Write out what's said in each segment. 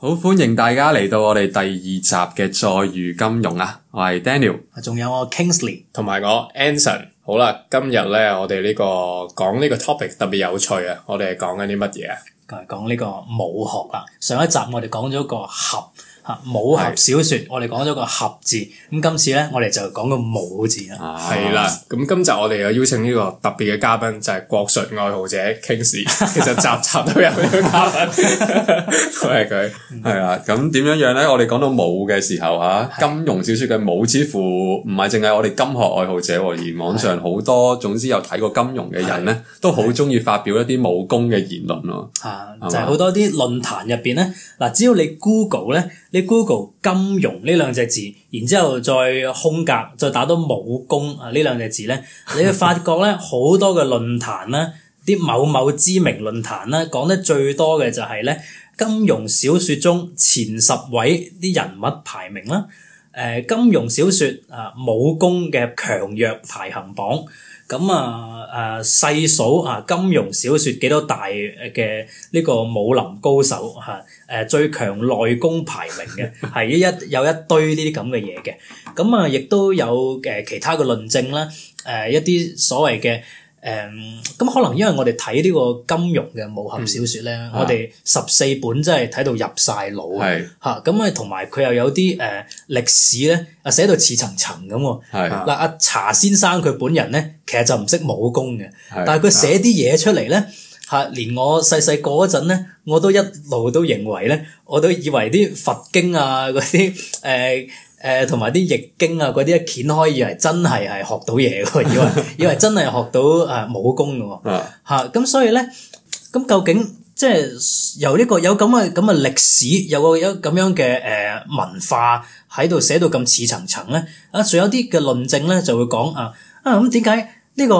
好歡迎大家嚟到我哋第二集嘅再遇金庸啊，我係 Daniel，仲有我 Kingsley 同埋我 Anson，好啦，今日咧我哋呢個講呢個 topic 特別有趣啊，我哋係講緊啲乜嘢啊？係講呢個武學啊，上一集我哋講咗個俠。武俠小說，是我哋講咗個俠字，咁今次咧，我哋就講個武字啦。係啦，咁今集我哋又邀請呢個特別嘅嘉賓就係、是、國術愛好者 King Sir。其實集集都有呢個嘉賓，係佢係啊。咁點樣樣咧？我哋講到武嘅時候吓，金庸小說嘅武，似乎唔係淨係我哋金學愛好者，而網上好多， 總之有睇過金庸嘅人咧， 都好中意發表一啲武功嘅言論咯。啊，就係好多啲論壇入邊咧，嗱，只要你 Google 咧。你 Google 金庸呢兩隻字，然之後再空格再打到武功啊呢兩隻字咧，你會發覺咧，好多嘅論壇啦，啲某某知名論壇啦，講得最多嘅就係咧，金庸小説中前十位啲人物排名啦，誒金庸小説啊武功嘅強弱排行榜。咁啊，誒細數啊，金庸小説幾多大嘅呢個武林高手嚇？誒、啊啊、最強內功排名嘅，係 一一有一堆呢啲咁嘅嘢嘅。咁啊，亦都有誒其他嘅論證啦，誒、啊、一啲所謂嘅。誒咁、um, 可能因為我哋睇呢個金庸嘅武俠小説咧，嗯、我哋十四本真係睇到入曬腦，嚇咁啊同埋佢又有啲誒歷史咧啊寫到似層層咁喎。嗱阿的、啊、查先生佢本人咧，其實就唔識武功嘅，的但係佢寫啲嘢出嚟咧嚇，的連我細細個嗰陣咧，我都一路都認為咧，我都以為啲佛經啊嗰啲誒。哎誒同埋啲易經啊嗰啲一掀開以，以為真係係學到嘢喎，以為以為真係學到誒武功嘅喎嚇。咁所以咧，咁究竟即係由呢、呢個有咁嘅咁嘅歷史，有個有咁樣嘅誒文化喺度寫到咁似層層咧。啊，仲有啲嘅論證咧，就會講啊啊咁點解呢個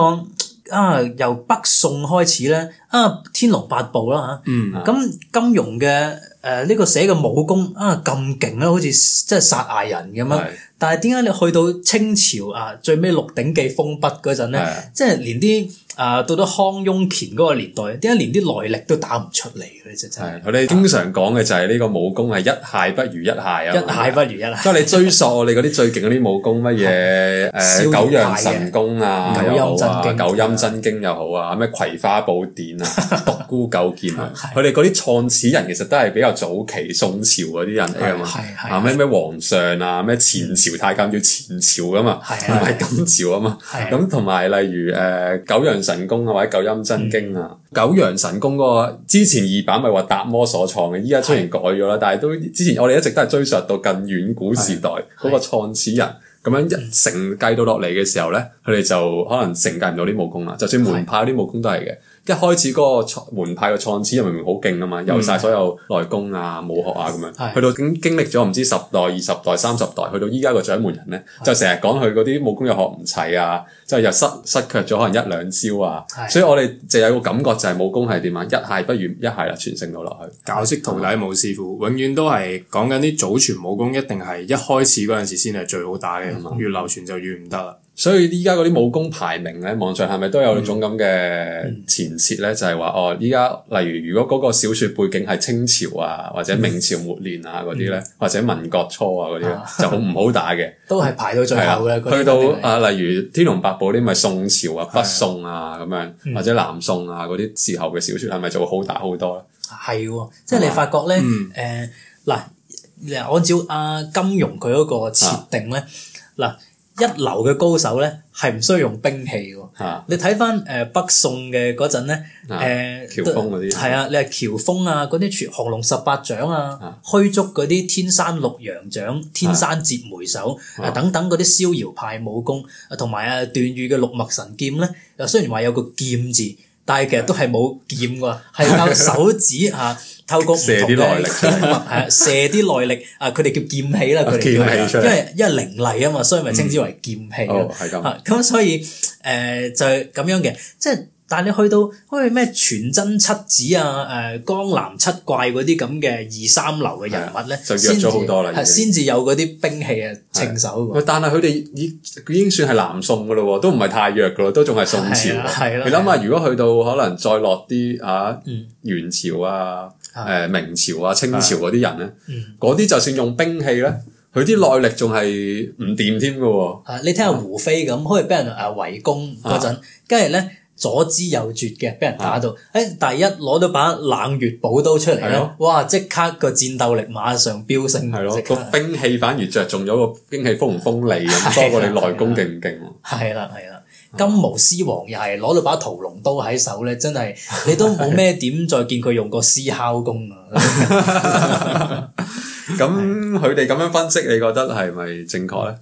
啊由北宋開始咧啊天龍八部啦嚇，咁、啊嗯啊、金庸嘅。誒，呢、呃這個寫嘅武功啊咁勁啊，好似即係殺嗌人咁樣。但係點解你去到清朝啊，最尾《鹿鼎記》封筆嗰陣咧，即係連啲啊到咗康雍乾嗰個年代，點解連啲內力都打唔出嚟咧？真係佢哋經常講嘅就係呢個武功係一蟹不如一蟹啊！一蟹不如一，即係你追溯我哋嗰啲最勁嗰啲武功乜嘢誒九陽神功啊又好啊，九陰真經又好啊，咩葵花寶典啊、獨孤九劍啊，佢哋嗰啲創始人其實都係比較早期宋朝嗰啲人嚟啊嘛，咩咩皇上啊咩前朝太監叫前朝噶嘛，唔係今朝啊嘛。咁同埋例如誒、呃、九陽神功啊或者九陰真經啊，嗯、九陽神功嗰、嗰個之前二版咪話達摩所創嘅，依家雖然改咗啦，是的 但係都之前我哋一直都係追溯到近遠古時代嗰是的 個創始人，咁是的 樣一承繼到落嚟嘅時候咧，佢哋是的、嗯、就可能承繼唔到啲武功啦，就算門派啲武功都係嘅。是的 一開始嗰個門派嘅創始，明明好勁啊嘛，遊晒、嗯、所有內功啊、武學啊咁樣，的去到經經歷咗唔知十代、二十代、三十代，去到依家個掌門人咧，的就成日講佢嗰啲武功又學唔齊啊，就又失失卻咗可能一兩招啊，的所以我哋就有個感覺就係武功係點啊？一係不如一係啦，傳承到落去，教識的徒弟冇師傅，永遠都係講緊啲祖傳武功，一定係一開始嗰陣時先係最好打嘅，係嘛的？越流傳就越唔得啦。所以依家嗰啲武功排名咧，網上係咪都有種咁嘅前設咧？就係話哦，依家例如如果嗰個小説背景係清朝啊，或者明朝末年啊嗰啲咧，或者民國初啊嗰啲，就好唔好打嘅。都係排到最後嘅。去到啊，例如《天龍八部》啲咪宋朝啊，北宋啊咁樣，或者南宋啊嗰啲時候嘅小説，係咪就會好打好多咧？係喎，即係你發覺咧，誒嗱，按照阿金庸佢嗰個設定咧，嗱。一流嘅高手咧，係唔需要用兵器嘅。啊、你睇翻誒北宋嘅嗰陣咧，誒係啊，啊，你係喬峯啊，嗰啲全降龍十八掌啊，啊虛竹嗰啲天山六陽掌、天山折梅手啊，等等嗰啲逍遙派武功，同埋啊段譽嘅六脈神劍咧，啊雖然話有個劍字。但係其實都係冇劍喎，係靠手指嚇、 啊，透過唔同嘅物，係射啲內力, 內力啊！佢哋叫劍氣啦，佢哋叫，因為因為凌厲啊嘛，所以咪稱之為劍氣咯。係咁、嗯，咁、哦啊、所以誒、呃、就係、是、咁樣嘅，即係。但你去到，好咩全真七子啊，誒、呃、江南七怪嗰啲咁嘅二三流嘅人物咧、啊，就弱咗好多啦，先至有嗰啲兵器嘅稱手。啊、但係佢哋已已經算係南宋噶啦，都唔係太弱噶咯，都仲係宋朝。係啦、啊。啊、你諗下，如果去到可能再落啲嚇元朝啊、誒、啊、明朝啊、清朝嗰啲人咧，嗰啲、啊、就算用兵器咧，佢啲耐力仲係唔掂添嘅喎。你聽下胡斐咁，好似俾人誒圍攻嗰陣，跟住咧。左支右絀嘅，俾人打到，誒！第一攞到一把冷月寶刀出嚟咧，哇！即刻個戰鬥力馬上飆升，即刻。個兵器反而着重咗個兵器鋒唔鋒利，多過你內功勁唔勁。係啦係啦，金毛獅王又係攞到把屠龍刀喺手咧，真係你都冇咩點再見佢用個獅吼功啊！咁佢哋咁樣分析，你覺得係咪正確咧？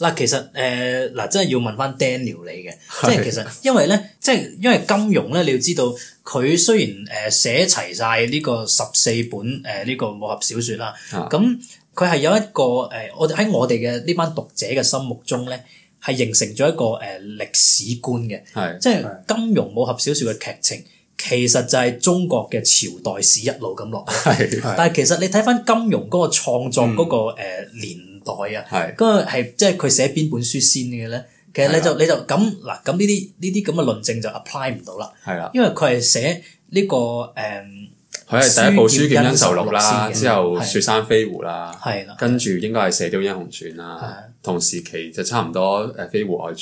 嗱，其實誒，嗱，真係要問翻 Daniel 你嘅，即係其實，呃、是的 其實因為咧，即係因為金庸咧，你要知道佢雖然誒寫齊晒呢個十四本誒呢個武俠小説啦，咁佢係有一個誒，我哋喺我哋嘅呢班讀者嘅心目中咧，係形成咗一個誒歷史觀嘅，是的 即係金庸武俠小説嘅劇情，其實就係中國嘅朝代史一路咁落，是的 但係其實你睇翻金庸嗰個創作嗰個誒年代啊，咁啊係，即係佢寫邊本書先嘅咧，其實你就是的 你就咁嗱，咁呢啲呢啲咁嘅論證就 apply 唔到啦，係啦，因為佢係寫呢個誒。嗯佢係第一部《書劍恩仇錄》啦，之後《雪山飛狐》啦，跟住應該係《射雕英雄傳》啦，同時期就差唔多《誒飛狐外傳》、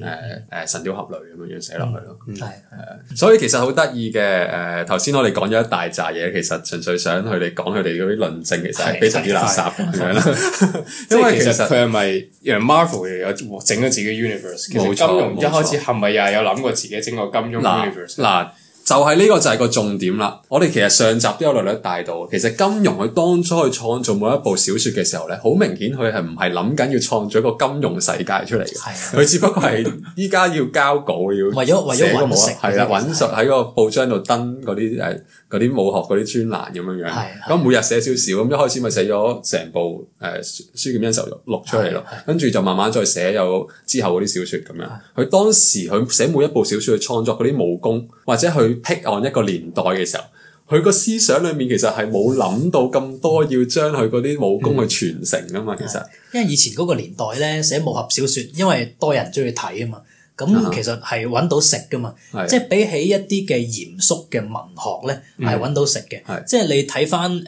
誒誒《神雕俠侶》咁樣寫落去咯。係所以其實好得意嘅誒，頭先我哋講咗一大扎嘢，其實純粹想佢哋講佢哋嗰啲論證，其實係非常之垃圾咁樣啦。因為其實佢係咪誒 Marvel 又有整咗自己 Universe？其實金庸一開始係咪又係有諗過自己整個金庸 Universe？就係呢個就係個重點啦。我哋其實上集都有略略帶到，其實金庸佢當初去創造每一部小説嘅時候咧，好明顯佢係唔係諗緊要創作一個金庸世界出嚟嘅。佢的只不過係依家要交稿要為，為咗為咗揾食，係啊揾食喺個報章度登嗰啲誒啲武學嗰啲專欄咁樣樣。咁每日寫少少，咁一開始咪寫咗成部誒、呃《書劍恩仇錄》出嚟咯，跟住就慢慢再寫有之後嗰啲小説咁樣。佢當時佢寫每一部小説去創作嗰啲武功或者佢。僻暗一個年代嘅時候，佢個思想裏面其實係冇諗到咁多要將佢嗰啲武功去傳承噶嘛。嗯、其實，因為以前嗰個年代咧，寫武俠小說，因為多人中意睇啊嘛，咁其實係搵到食噶嘛。Uh huh. 即係比起一啲嘅嚴肅嘅文學咧，係搵到食嘅。嗯、即係你睇返誒，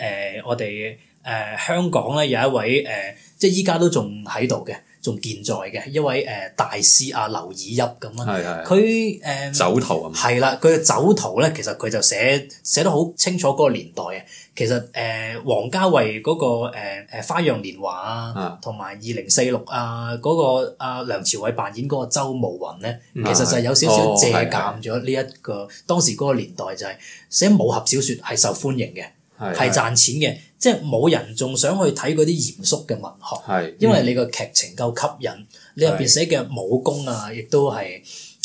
我哋誒、呃、香港咧有一位誒、呃，即係依家都仲喺度嘅。仲健在嘅一位誒大師啊，劉以鬯。咁啊，佢誒走頭啊，係嘛？係啦，佢嘅走頭咧，其實佢就寫寫得好清楚嗰個年代嘅。其實誒，王家衛嗰個誒《花樣年華》啊，同埋二零四六啊，嗰個梁朝偉扮演嗰個周慕雲咧，其實就有少少借鑑咗呢一個當時嗰個年代就係寫武俠小説係受歡迎嘅，係賺錢嘅。即係冇人仲想去睇嗰啲嚴肅嘅文學，是因為你個劇情夠吸引，是你入邊寫嘅武功啊，亦都係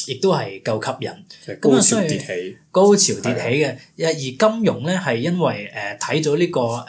亦都係夠吸引。咁啊，雖然高潮迭起嘅，起是的 而金庸咧係因為誒睇咗呢個誒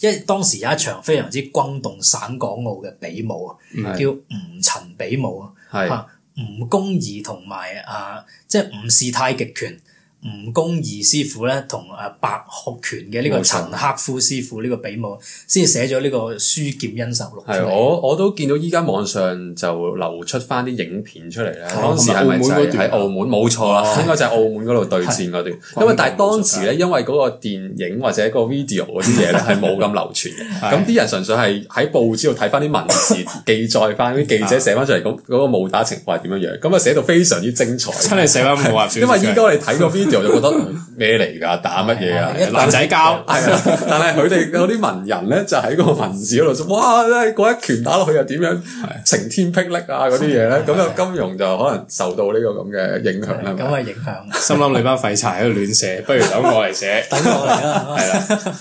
一、呃、當時有一場非常之轟動省港澳嘅比武啊，叫吳陳比武是的 啊，嚇吳公義同埋啊，即係吳氏太極拳。吳公儀師傅咧，同誒白鶴拳嘅呢個陳克夫師傅呢個比武，先寫咗呢個《書劍恩仇錄》出嚟。係我我都見到依家網上就流出翻啲影片出嚟咧，當時係咪就喺澳門？冇錯啦，應該就係澳門嗰度對戰嗰段。因為但當時咧，因為嗰個電影或者個 video 嗰啲嘢咧係冇咁流傳嘅，咁啲人純粹係喺報紙度睇翻啲文字記載，翻啲記者寫翻出嚟，嗰個武打情況係點樣樣？咁啊，寫到非常之精彩，真係寫翻武俠因為依家我哋睇過我就覺得咩嚟㗎？打乜嘢啊？的男仔交係啦！但係佢哋有啲文人咧，就喺個文字嗰度做，哇！真係嗰一拳打落去又點樣？晴天霹靂啊！嗰啲嘢咧，咁啊，的金庸就可能受到呢個咁嘅影響啦。咁啊，影響！心諗你班廢柴喺度亂寫，不如我 等我嚟寫。等我嚟啊！係啦。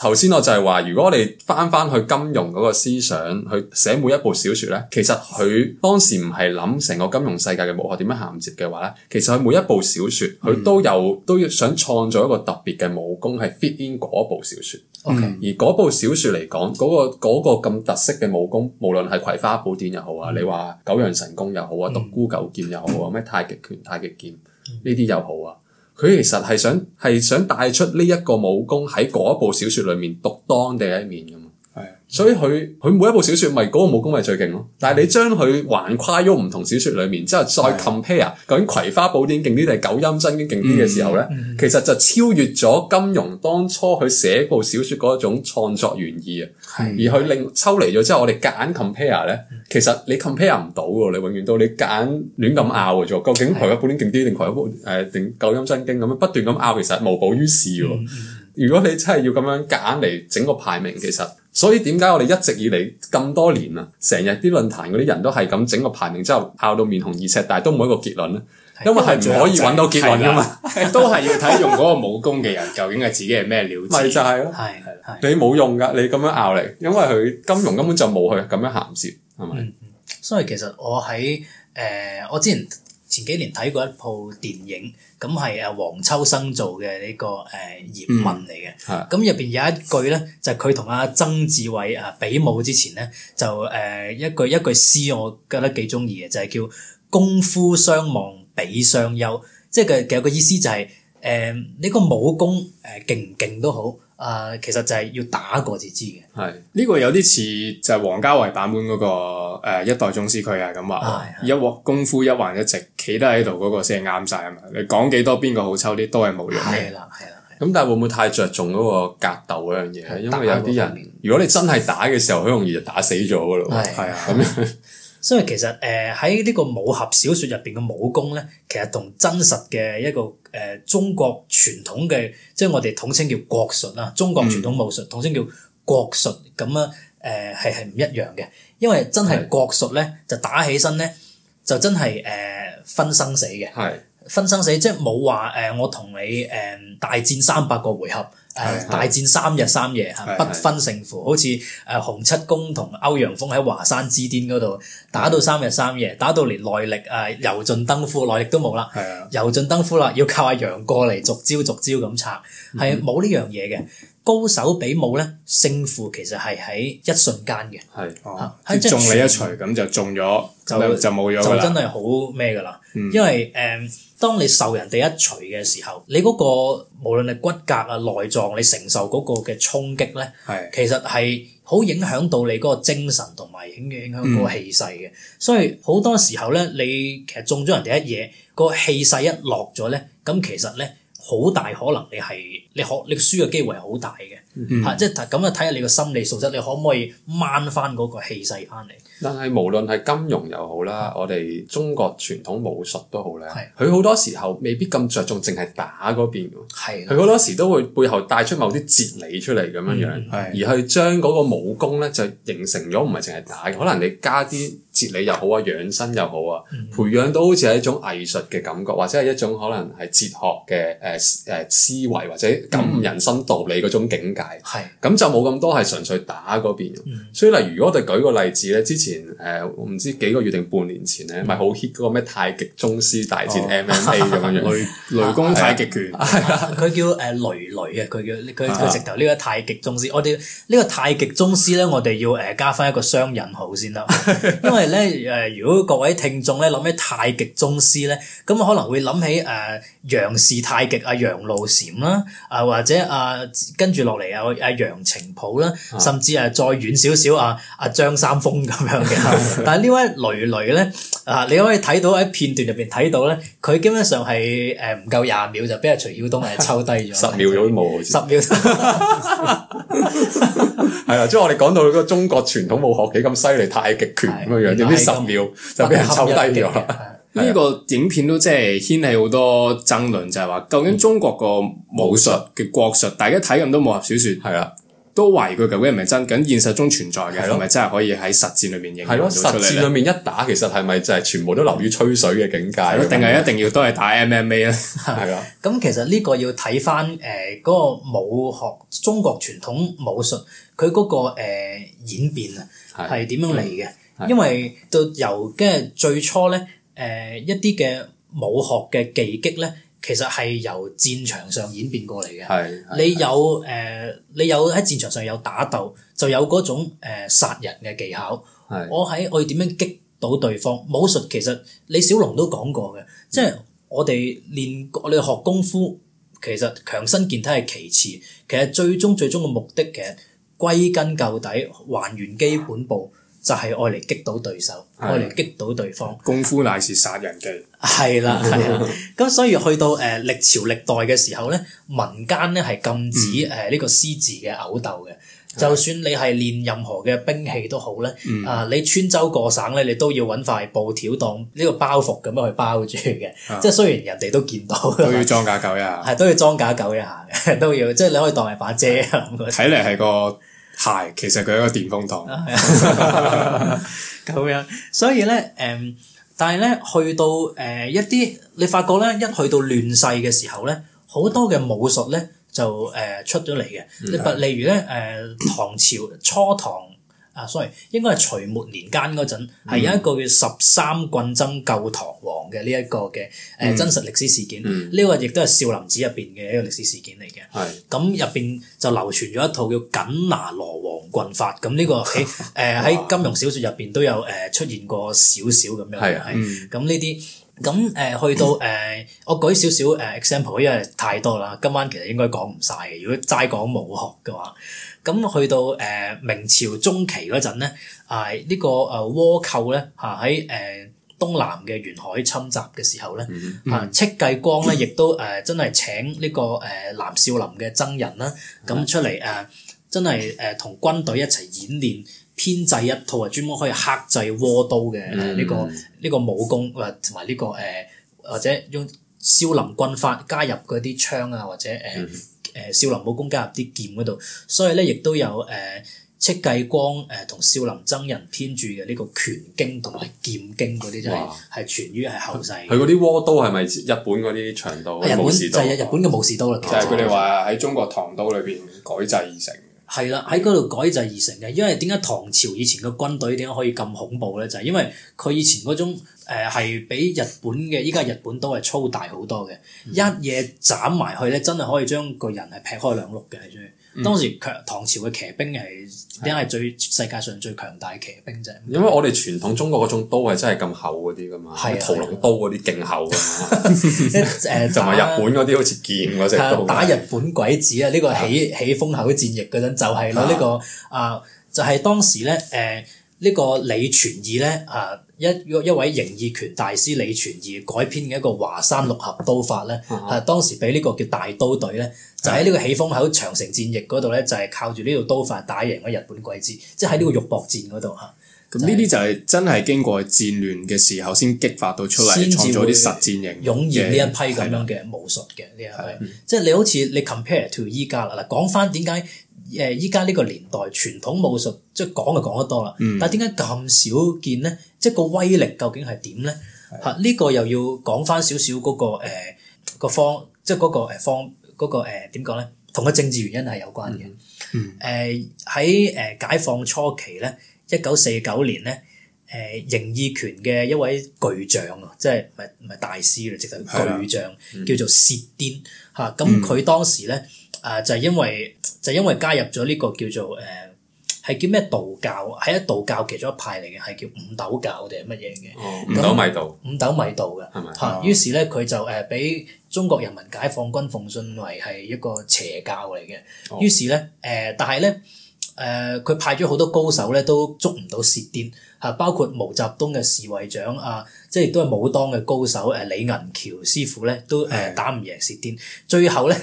頭先我就係話，如果我哋翻翻去金庸嗰個思想去寫每一部小説咧，其實佢當時唔係諗成個金庸世界嘅武學點樣銜接嘅話咧，其實佢每一部小説佢、嗯、都有都要想創造一個特別嘅武功係 fit in 嗰 Okay.、嗯、部小説。O K. 而嗰部小説嚟講嗰個咁、嗰個、特色嘅武功，無論係葵花寶典又好啊，嗯、你話九陽神功又好啊，獨、嗯、孤九劍又好啊，咩太極拳、太極劍呢啲又好啊。佢其實係想係想帶出呢一個武功喺嗰部小說裏面獨當的一面的。所以佢佢每一部小説，咪、那、嗰個武功咪最勁咯。但係你將佢橫跨喐唔同小説裡面之後，的再 compare，究竟《葵花寶典》勁啲定係《九陰真經》勁啲嘅時候咧，嗯、其實就超越咗金庸當初佢寫部小説嗰一種創作原意啊。係的而佢令抽離咗之後，我哋夾硬 compare 咧，其實你 compare 唔到㗎，你永遠都你夾硬亂咁拗嘅啫。究竟《葵花寶典》勁啲定《葵花誒定九陰真經》咁樣不斷咁拗，其實無補於事嘅。嗯、如果你真係要咁樣夾硬嚟整個排名，其實所以點解我哋一直以嚟咁多年啊，成日啲論壇嗰啲人都係咁整個排名之後，拗到面紅耳赤，但係都冇一個結論咧，因為係唔可以搵到結論㗎嘛，的都係要睇用嗰個武功嘅人 究竟係自己係咩料。咪就係咯，係係。你冇用㗎，你咁樣拗嚟，因為佢金庸根本就冇佢咁樣涵涉，係咪、嗯？所以其實我喺誒、呃，我之前前幾年睇過一部電影。咁係誒黃秋生做嘅呢個誒葉問嚟嘅、嗯，咁入邊有一句咧，就佢同阿曾志偉誒比武之前咧，就誒一句一句詩，我覺得幾中意嘅，就係、係、叫功夫相忘比相優，即係嘅嘅個意思就係誒呢個武功誒勁唔勁都好。誒、呃，其實就係要打過至知嘅。係呢、呢個有啲似就係王家衛版本嗰個、呃、一代宗師，佢係咁話，一鑊功夫一橫一直企得喺度嗰個先係啱晒。啊嘛！你講幾多邊個好抽啲，都係冇用嘅。係啦，係啦。咁但係會唔會太着重嗰個格鬥嗰樣嘢？因為有啲人，如果你真係打嘅時候，好 容易就打死咗嘅咯，係啊，咁樣。所以其實誒，喺呢個武俠小説入邊嘅武功咧，其實同真實嘅一個誒，中國傳統嘅，即係我哋統稱叫國術啊，中國傳統武術統稱叫國術，咁啊，誒，係係唔一樣嘅，因為真係國術咧，就打起身咧，就真係誒，分生死嘅，分生死即係冇話誒，我同你誒，大戰三百個回合。誒，大戰三日三夜，吓、嗯、不分勝負，嗯、好似誒，洪七公同歐陽鋒喺華山之巔嗰度打到三日三夜，嗯、打到連內力啊，油盡燈枯，內力都冇啦，油盡燈枯啦，要靠阿楊過嚟逐招逐招咁拆，係冇呢樣嘢嘅。高手比武咧，勝負其實係喺一瞬間嘅，吓，哦、即係中你一錘咁就中咗，就就冇咗就真係好咩噶啦，因為誒。Um, 當你受人哋一捶嘅時候，你嗰、嗰個無論係骨骼啊，內臟，你承受嗰個嘅衝擊咧，是的 其實係好影響到你嗰個精神同埋影影響嗰個氣勢嘅。嗯、所以好多時候咧，你其實中咗人哋一嘢，個氣勢一落咗咧，咁其實咧好大可能你係你學你輸嘅機會係好大嘅，嚇，即係咁啊，睇下、就是、你個心理素質，你可唔可以掹翻嗰個氣勢翻嚟？但係無論係金融又好啦，啊、我哋中國傳統武術都好啦。佢好、啊、多時候未必咁着重，淨係打嗰邊。佢好、啊、多時都會背後帶出某啲哲理出嚟咁樣樣，嗯啊、而去將嗰個武功咧就形成咗，唔係淨係打。可能你加啲哲理又好啊，養生又好啊，嗯、培養到好似係一種藝術嘅感覺，或者係一種可能係哲學嘅誒誒思維，或者感悟人生道理嗰種境界。係、嗯。咁是就冇咁多係純粹打嗰邊。所以，例如我哋舉個例子咧，之前。前誒唔知幾個月定半年前咧，咪好 hit 嗰個咩太極宗師大戰 MMA 咁樣，雷雷公太極拳佢 麼叫誒雷雷啊，佢叫佢佢直頭呢個太極宗師。我哋呢個太極宗師咧，我哋要誒加翻一個雙引號先得，因為咧誒如果各位聽眾咧諗起太極宗師咧，咁可能會諗起誒楊氏太極啊、楊露禪啦，啊或者啊跟住落嚟啊啊楊澄甫啦，甚至係再遠少少啊啊張三豐咁樣。Okay, 但係呢位雷雷咧，啊，你可以睇到喺片段入邊睇到咧，佢基本上係誒唔夠廿秒就俾阿徐曉東係抽低咗。 十秒都有都冇？ 十秒，係 啦， 即係我哋講到嗰個中國傳統武學幾咁犀利，太極拳咁嘅樣，點知十秒就俾人抽低咗？呢個影片都即係掀起好多爭論，就係、是、話究竟中國個武術嘅、嗯、國術，大家睇咁多武俠小說，係啦。都懷疑佢究竟係咪真，喺現實中存在嘅，同埋真係可以喺實戰裏面應用到出嚟。實戰裏面一打，其實係咪就係全部都流於吹水嘅境界，定係一定要都係打 MMA 咧？係咯。咁其實呢個要睇返誒嗰個武學中國傳統武術，佢嗰個、呃、演變啊，係點樣嚟嘅？因為到由即係最初咧，誒、呃、一啲嘅武學嘅技擊咧。其實係由戰場上演變過嚟嘅是、呃，你有誒，你有喺戰場上有打鬥，就有嗰種誒、呃、殺人嘅技巧。是是我喺我要點樣擊到對方武術其實李小龍都講過嘅，即係我哋練我哋學功夫其實強身健體係其次，其實最終最終嘅目的其實歸根究底還原基本步。就係愛嚟擊倒對手，愛嚟擊倒對方。功夫乃係殺人嘅。係啦，係啦。咁所以去到誒歷朝歷代嘅時候咧，民間咧係禁止誒呢個私自嘅毆鬥嘅。就算你係練任何嘅兵器都好咧，啊你穿州過省咧，你都要揾塊布條當呢個包袱咁樣去包住嘅。即係雖然人哋都見到，都要裝假狗一下。係都要裝假狗一下嘅，都要。即係你可以當係把遮啊。睇嚟係個。係，其實佢係一個電風筒咁 樣，所以咧，誒，但係咧，去到誒一啲，你發覺咧，一去到亂世嘅時候咧，好多嘅武術咧就誒出咗嚟嘅。即例如咧，誒唐朝 初唐。啊，sorry，應該係隋末年間嗰陣，係有一個叫十三棍僧救唐王嘅呢一個嘅誒真實歷史事件。呢、嗯嗯、個亦都係少林寺入邊嘅一個歷史事件嚟嘅。係是。咁入邊就流傳咗一套叫緊拿羅王棍法。咁呢個喺誒喺金庸小說入邊都有誒出現過少少咁樣。係啊。咁呢啲咁誒去到誒、呃，我舉少少誒 example，因為太多啦。今晚其實應該講唔晒嘅。如果齋講武學嘅話，咁去到誒明朝中期嗰陣咧，係、這、呢個誒倭寇咧嚇喺誒東南嘅沿海侵襲嘅時候咧嚇、嗯嗯、戚繼光咧亦都誒真係請呢個誒南少林嘅僧人啦，咁出嚟誒真係誒同軍隊一齊演練編制一套啊，專門可以克制倭刀嘅呢個呢個武功，誒同埋呢個誒或者用少林軍法加入嗰啲槍啊，或者誒。嗯嗯誒少林武功加入啲劍嗰度，所以咧亦都有誒、呃、戚繼光誒同、呃、少林僧人編著嘅呢個拳經同埋劍經嗰啲，真係係傳於係後世。佢嗰啲倭刀係咪日本嗰啲長刀？啊、日本就係日本嘅武士刀啦。其實就係佢哋話喺中國唐刀裏邊改製而成。嗯嗯係啦，喺嗰度改製而成嘅。因為點解唐朝以前嘅軍隊點解可以咁恐怖咧？就係、是、因為佢以前嗰種誒係、呃、比日本嘅，依家日本都係粗大好多嘅，嗯、一嘢斬埋去咧，真係可以將個人係劈開兩碌嘅，係最。當時強唐朝嘅騎兵係點解係最世界上最強大嘅騎兵啫？因為我哋傳統中國嗰種刀係真係咁厚嗰啲噶嘛，屠龍刀嗰啲勁厚㗎嘛！即係誒，同埋 日本嗰啲好似劍嗰隻刀。係打日本鬼子啊！呢、這個起起風口戰役嗰陣就係、是、咯、這個，呢個啊，啊就係、是、當時咧誒。呃呢個李存義咧，啊一一位形意拳大師李存義改編嘅一個華山六合刀法咧，啊當時俾呢個叫大刀隊咧，就喺、是、呢個起風口長城戰役嗰度咧，就係、是、靠住呢條刀法打贏咗日本鬼子，嗯、即係喺呢個肉搏戰嗰度嚇。咁呢啲就係真係經過戰亂嘅時候先激發到出嚟，創造咗啲實戰型，湧現呢一批咁樣嘅武術嘅。呢一，即係你好似你 compare to 依家啦。嗱，講返點解？誒，依家呢個年代傳統武術，即係講就講得多啦。但係點解咁少見咧？即係個威力究竟係點咧？嚇，呢個又要講翻少少嗰、那個誒、呃、方，即係嗰、那個方嗰、那個誒點講咧，同、呃、個政治原因係有關嘅。嗯，喺誒、呃、解放初期咧，一九四九年咧，誒形意拳嘅一位巨匠的，啊，即係唔係唔係大師嚟，直頭巨匠，叫做薛顛嚇。咁佢當時咧啊，就係、是、因為。就因為加入咗呢個叫做誒係、呃、叫咩道教，係一道教其中一派嚟嘅，係叫五斗教定係乜嘢嘅？五斗米道。哦、五斗米道嘅，嚇、哦。係咪於是咧，佢就誒俾中國人民解放軍奉信為係一個邪教嚟嘅。於是咧，誒但係咧，誒佢派咗好多高手咧都捉唔到薛顛。啊！包括毛澤東嘅侍衛長啊，即係都係武當嘅高手誒，李銀橋師傅咧都誒打唔贏薛顛。最後咧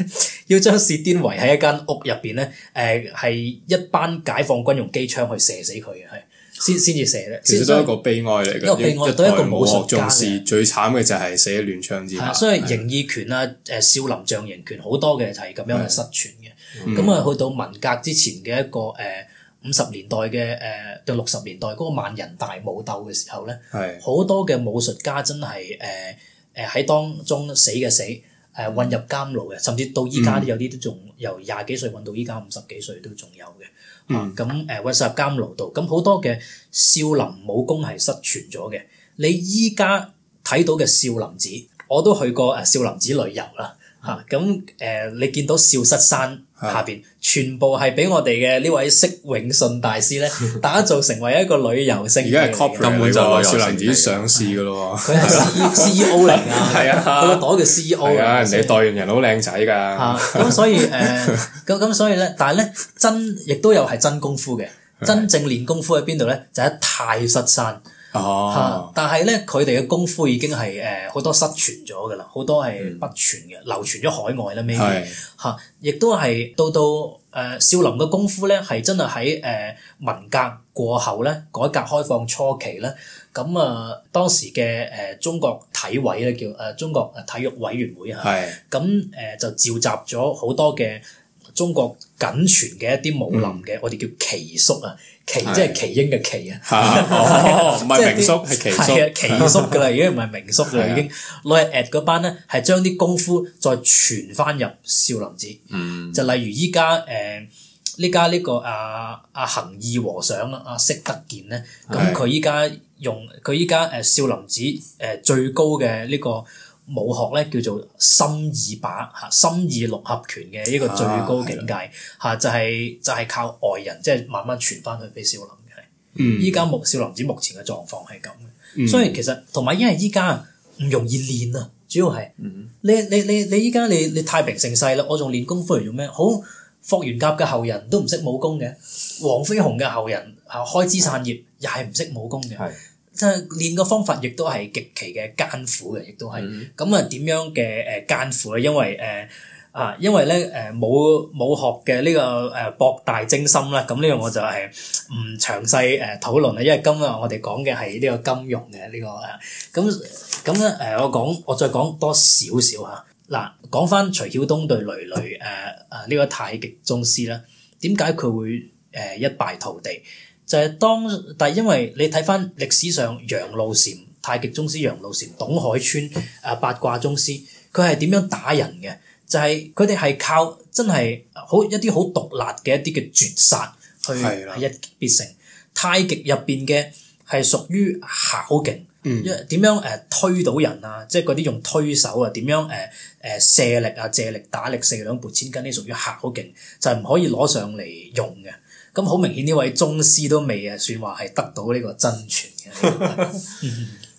要將薛顛圍喺一間屋入邊咧誒，係、啊、一班解放軍用機槍去射死佢嘅，係先先至射。其實都係一個悲哀嚟嘅，以一個悲哀，為對一個武學宗師嘅最慘嘅就係死於亂槍之下。所以形意拳啊、誒的少林象形拳好多嘅就係咁樣失傳嘅。咁啊的，去、嗯、到文革之前嘅一個誒。呃呃呃五十年代嘅誒，到六十年代嗰個萬人大武鬥嘅時候咧，好是的 多嘅武術家真係誒誒喺當中死嘅死，誒、呃、韞入監牢嘅，甚至到依家都有啲都仲由廿幾歲韞到依家五十幾歲都仲有嘅。嗯、啊，咁誒韞入監牢度，咁好多嘅少林武功係失傳咗嘅。你依家睇到嘅少林寺，我都去過誒少林寺旅遊啦。咁誒、嗯嗯，你見到少室山下邊全部係俾我哋嘅呢位釋永信大師咧打造成為一個旅遊星，而家 c o r p o r 就少林寺上市嘅咯喎，佢係 C E C E O 嚟啊，佢、嗯、 個袋嘅 C E O。係、嗯、啊，嗯、人哋代言人好靚仔㗎，咁、嗯嗯、所以誒咁咁所以咧、嗯嗯，但係咧真亦都有係真功夫嘅，嗯、真正練功夫喺邊度咧？就喺、是、太室山。嚇！哦、但係咧，佢哋嘅功夫已經係誒好多失傳咗㗎喇，好多係不傳嘅，嗯、流傳咗海外啦未？嘅亦是的 都係到到誒、呃、少林嘅功夫咧，係真係喺誒文革過後咧，改革開放初期咧，咁啊、呃、當時嘅誒、呃、中國體委咧叫誒中國誒體育委員會嚇，咁誒是的、啊呃、就召集咗好多嘅。中國僅存嘅一啲武林嘅，嗯、我哋叫奇叔啊，奇即係奇英嘅奇啊，哦，唔係 名宿，係 奇叔，啊、奇叔噶啦，已經唔係名宿就已經攞嚟 at 嗰班咧，係將啲功夫再傳翻入少林寺。嗯、就例如依家誒呢家呢個阿阿、啊、行義和尚啊，阿釋德健咧，咁佢依家用佢依家誒少林寺誒最高嘅呢、呢個。武學咧叫做心意把嚇，心意六合拳嘅一個最高境界嚇，啊、就係就係靠外人，即、就、係、是、慢慢傳翻去俾少林嘅。依家目少林寺目前嘅狀況係咁，嗯、所以其實同埋因為依家唔容易練啊，主要係、嗯、你你你你依家你你太平盛世啦，我仲練功夫嚟做咩？好，霍元甲嘅後人都唔識武功嘅，黃飛鴻嘅後人啊開枝散葉又係唔識武功嘅。真係練個方法極，亦都係極其嘅艱苦嘅，亦都係。咁啊，點樣嘅誒艱苦咧？因為誒啊、呃，因為咧誒武武學嘅呢個誒博大精深啦。咁、這、呢個我就係唔詳細誒討論啦。因為今日我哋講嘅係呢個金庸嘅、這個嗯、呢個誒。咁咁咧誒，我講我再講多少少嚇。嗱，講翻徐曉東對雷雷誒啊呢個太極宗師啦，點解佢會誒一敗塗地？就係當，但係因為你睇翻歷史上楊露禪、太極宗師楊露禪、董海川啊、八卦宗師，佢係點樣打人嘅？就係佢哋係靠真係好一啲好毒辣嘅一啲嘅絕殺去一別成。的嗯、太極入邊嘅係屬於巧勁，點樣誒推到人啊？即係嗰啲用推手啊，點樣誒誒卸力啊、借力打力四兩撥千斤呢？屬於巧勁，就唔、是、可以攞上嚟用嘅。咁好明顯，呢位宗師都未啊，算話係得到呢個真傳嘅。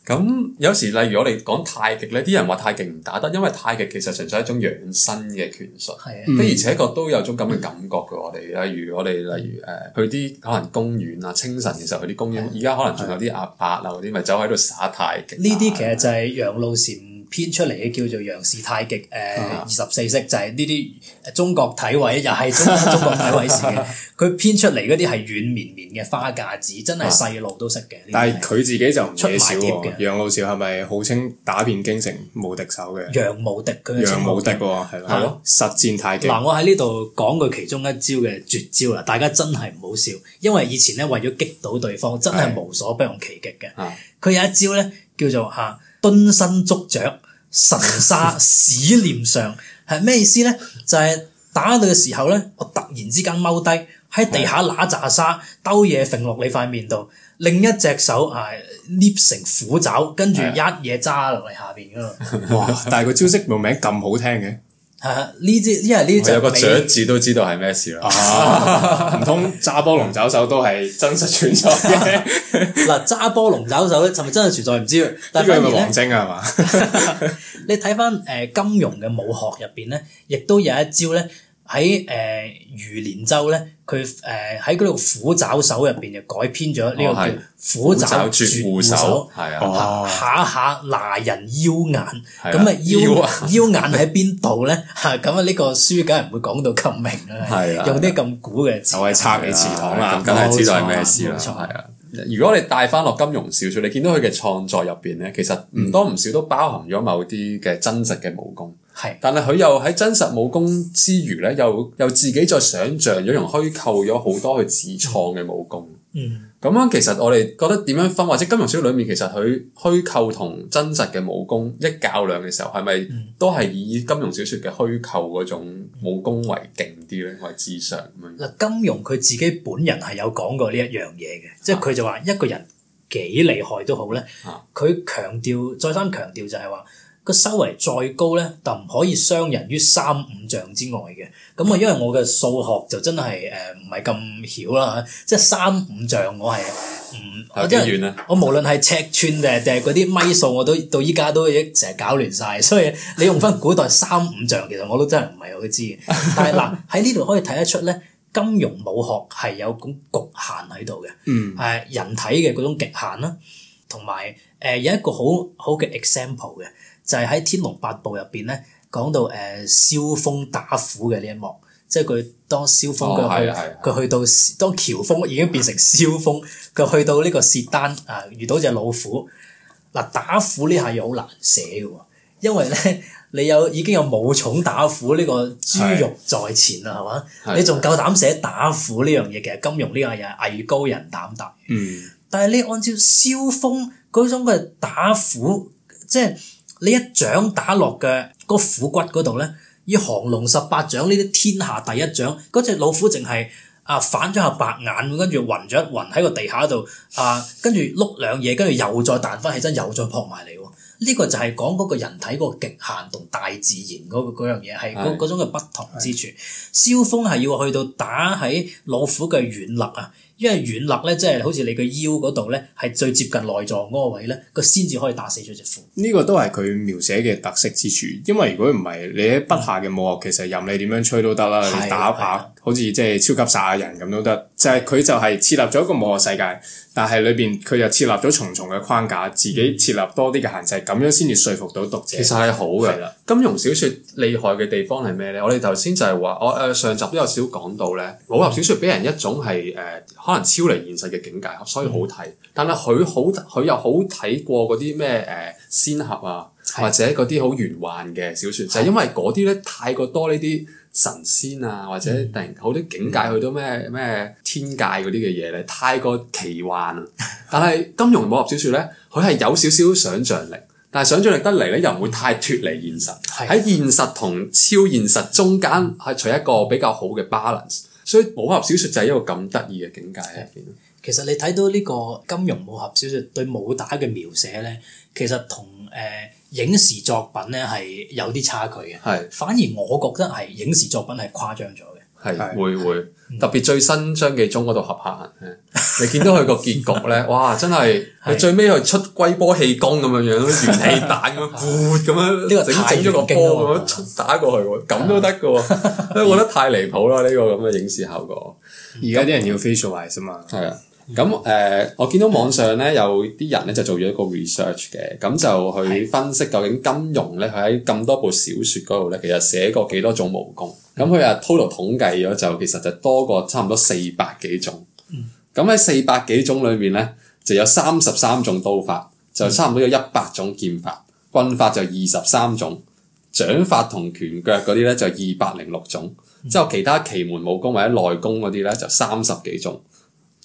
咁有時，例如我哋講太極咧，啲人話太極唔打得，因為太極其實純粹係一種養生嘅拳術。係啊，的、嗯、而且確都有種咁嘅感覺嘅。我哋例如我哋，例如誒、呃，去啲可能公園啊，清晨其實去啲公園，而家的可能仲有啲阿伯啊嗰啲，咪走喺度耍太極。呢啲其實就係楊露禪。編出嚟嘅叫做楊氏太極，誒、呃，二十四式就係呢啲中國體位，又係中中國體位式嘅。佢編 出嚟嗰啲係軟綿綿嘅花架子，真係細路都識嘅。但係佢自己就唔嘢嘅。楊老少係咪號稱打遍京城無敵手嘅？楊無敵佢嘅稱楊無敵喎，係咪？嗯、的實戰太極嗱，我喺呢度講佢其中一招嘅絕招啦。大家真係唔好笑，因為以前咧為咗擊倒對方，真係無所不用其極嘅。佢的有一招咧，叫做吓。啊蹲身捉雀，神沙屎念上係咩意思咧？就係、是、打到嘅時候咧，我突然之間踎低喺地下攔紮沙，兜嘢揈落你塊面度，另一隻手係捏成虎爪，跟住一嘢揸落嚟下邊咯。 哇！但係個招式冇名咁好聽嘅。吓，呢支因為呢，只有個掌字都知道係咩事啦。唔通揸波龍爪手都係真實存在嗱？揸 波龍爪手咧，係咪真係存在唔知？但係反而咧，你睇翻誒金庸嘅武學入邊咧，亦都有一招咧。喺誒餘連洲咧，佢誒喺嗰個虎爪手入邊就改編咗呢個叫虎爪絕戶手，是是下下拿人腰眼，咁啊腰腰腰眼喺邊度咧？嚇咁 啊！呢個書梗係唔會講到咁明啦，用啲咁古嘅詞，就係拆起祠堂啦，梗係知道係咩事啦。沒錯 錯如果你帶翻落金庸小説，你見到佢嘅創作入邊咧，其實唔多唔少都包含咗某啲嘅真實嘅武功。係，但係佢又喺真實武功之餘咧，又又自己再想像咗，用虛構咗好多佢自創嘅武功。嗯，咁啊，其實我哋覺得點樣分，或者金庸小説裏面其實佢虛構同真實嘅武功一較量嘅時候，係咪都係以金庸小説嘅虛構嗰種武功為勁啲咧，或至上咁樣？嗱，金庸佢自己本人係有講過呢一樣嘢嘅，啊、即係佢就話一個人幾厲害都好咧。啊，佢強調再三強調就係話。個修為再高咧，就唔可以傷人於三五丈之外嘅。咁啊，因為我嘅數學就真係誒唔係咁曉啦，即係三五丈我係唔我無論係尺寸定係定係嗰啲米數，我都到依家都成日搞亂晒。所以你用翻古代三五丈，其實我都真係唔係好知嘅。 但係嗱喺呢度可以睇得出咧，金庸武學係有咁局限喺度嘅，係、嗯、人體嘅嗰種極限啦，同埋誒有一個好好嘅 example 嘅。就係喺《天龍八部》入邊咧，講到誒蕭峰打虎嘅呢一幕，即係佢當蕭峰，佢去佢去到當喬峯已經變成蕭峰，佢去到呢個薛丹啊，遇到隻老虎。嗱打虎呢下嘢好難寫嘅喎，因為咧你有已經有武松打虎呢個珠玉在前啦，係嘛？你仲夠膽寫打虎呢樣嘢？其實金庸呢下嘢係藝高人膽大。嗯。但係你按照蕭峰嗰種嘅打虎，即係。呢一掌打落嘅嗰虎骨嗰度咧，以降龍十八掌呢啲天下第一掌，嗰隻老虎淨係啊反咗下白眼，跟住暈咗一暈喺個地下度啊，跟住碌兩嘢，跟住又再彈翻起身，又再撲埋嚟喎。呢、這個就係講嗰個人體個極限同大自然嗰樣嘢，係嗰種嘅不同之處。蕭峰係要去到打喺老虎嘅軟肋啊！因為軟肋咧，即係好似你個腰嗰度咧，係最接近內臟嗰個位咧，佢先至可以打死咗隻虎。呢個都係佢描寫嘅特色之處。因為如果唔係，你喺筆下嘅武學，其實任你點樣吹都得啦，你打下，好似即係超級殺人咁都得，就係佢就係設立咗一個文學世界，但係裏邊佢又設立咗重重嘅框架，自己設立多啲嘅限制，咁樣先至説服到讀者，嗯。其實係好嘅。是金庸小說厲害嘅地方係咩咧？我哋頭先就係、是、話，我誒上集都有少講到咧。武俠小說俾人一種係誒、呃，可能超離現實嘅境界，所以好睇。嗯、但係佢好佢又好睇過嗰啲咩誒仙俠啊，的或者嗰啲好玄幻嘅小說，就是、因為嗰啲咧太過多呢啲。神仙啊，或者定好多境界去到咩咩天界嗰啲嘅嘢咧，太過奇幻啊！但係金庸武俠小說咧，佢係有少少想象力，但係想象力得嚟咧又唔會太脫離現實，喺現實同超現實中間，係取一個比較好嘅 balance。所以武俠小說就係一個咁得意嘅境界喺入邊。其實你睇到呢個金庸武俠小說對武打嘅描寫咧，其實同誒。呃影視作品咧係有啲差距嘅，反而我覺得係影視作品係誇張咗嘅。係會會，特別最新張紀中嗰度合拍，你見到佢個結局咧，哇！真係最尾係出龜波氣功咁樣樣，元原氣彈咁樣，呼咁整整咗個波咁樣打過去喎，咁都得嘅喎，我覺得太離譜啦！呢個咁嘅影視效果，而家啲人要 visualize 嘛，係。咁誒、呃，我見到網上咧有啲人咧就做咗一個 research 嘅，咁就去分析究竟金庸咧佢喺咁多部小說嗰度咧，其實寫過幾多種武功。咁佢啊 total 統計咗就其實就多過差唔多四百幾種。咁喺四百幾種裏面咧，就有三十三種刀法，就差唔多有一百種劍法，棍法就二十三種，掌法同拳腳嗰啲咧就二百零六種，之後其他奇門武功或者內功嗰啲咧就三十幾種。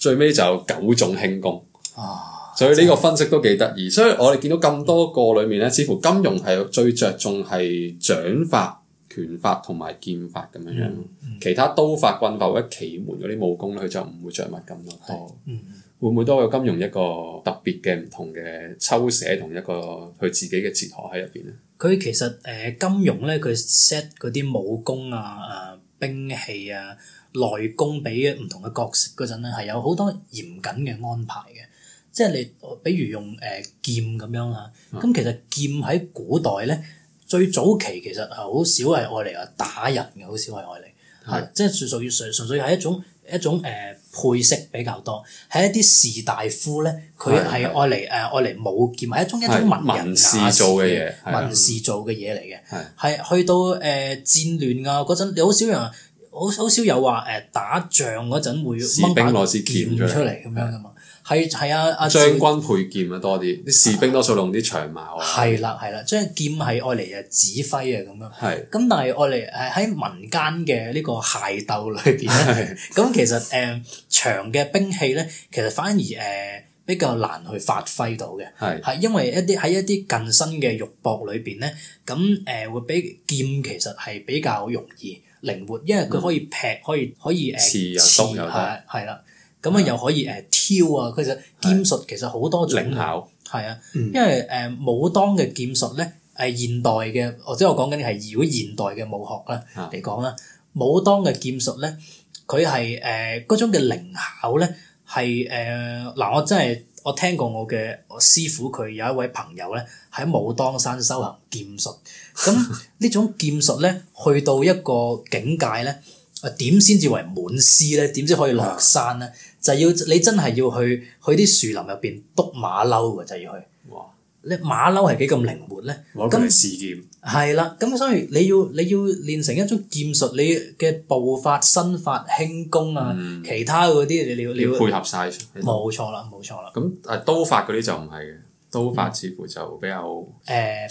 最尾就有九種輕功，啊、所以呢個分析都幾得意。是所以我哋見到咁多個裏面咧，似乎金庸係最着重係掌法、拳法同埋劍法咁樣樣、嗯嗯、其他刀法、棍法或者奇門嗰啲武功咧，佢就唔會著墨咁多。嗯、會唔會都有金庸一個特別嘅唔同嘅抽寫同一個佢自己嘅哲學喺入邊咧？佢其實誒金庸咧，佢 set 嗰啲武功啊、啊兵器啊。內功俾唔同嘅角色嗰陣咧，係有好多嚴謹嘅安排嘅。即係你，比如用誒劍咁樣嚇，咁其實劍喺古代咧，最早期其實係好少係愛嚟打人嘅，好少係愛嚟嚇，是即係純屬純純粹係一種一種誒配飾比較多。喺一啲士大夫咧，佢係愛嚟誒愛嚟舞劍，係的一種一種文人士做嘅嘢，文士的做嘅嘢嚟嘅。係的去到誒、呃、戰亂啊嗰陣，你好少人，家人家。好好少有話誒，打仗嗰陣會士兵攞支劍出嚟咁樣噶嘛？係係啊，啊將軍配劍啊多啲，啲士兵多數用啲長矛啊。係啦係啦，將、啊啊啊、劍係愛嚟啊指揮啊咁樣。係咁、啊，但係愛嚟係喺民間嘅呢個械鬥裏邊咧。咁、啊、其實誒、呃、長嘅兵器咧，其實反而誒、呃、比較難去發揮到嘅。係係、啊啊、因為一啲喺一啲近身嘅肉搏裏邊咧，咁誒會畀劍其實係比較容易。靈活，因為佢可以劈，嗯、可以可以誒刺，係係啦，咁啊的又可以誒挑啊，的其實劍術其實好多種，係啊的靈巧，因為誒武當嘅劍術咧，誒現代嘅，或者我講緊係如果現代嘅武學啦嚟講啦，的武當嘅劍術咧，佢係誒嗰種嘅靈巧咧，係誒嗱，我真係我聽過我嘅我師傅佢有一位朋友咧喺武當山修行劍術。的咁呢種劍術咧，去到一個境界咧，啊點先至為滿師咧？點先可以落山咧？就要你真係要去去啲樹林入邊篤馬騮嘅，就要去。哇！你馬騮係幾咁靈活咧？金士劍係啦，咁所以你要你要練成一種劍術，你嘅步法、身法、輕功啊，其他嗰啲你你要配合晒。冇錯啦，冇錯啦。咁啊刀法嗰啲就唔係嘅。刀法似乎就比較誒、嗯呃、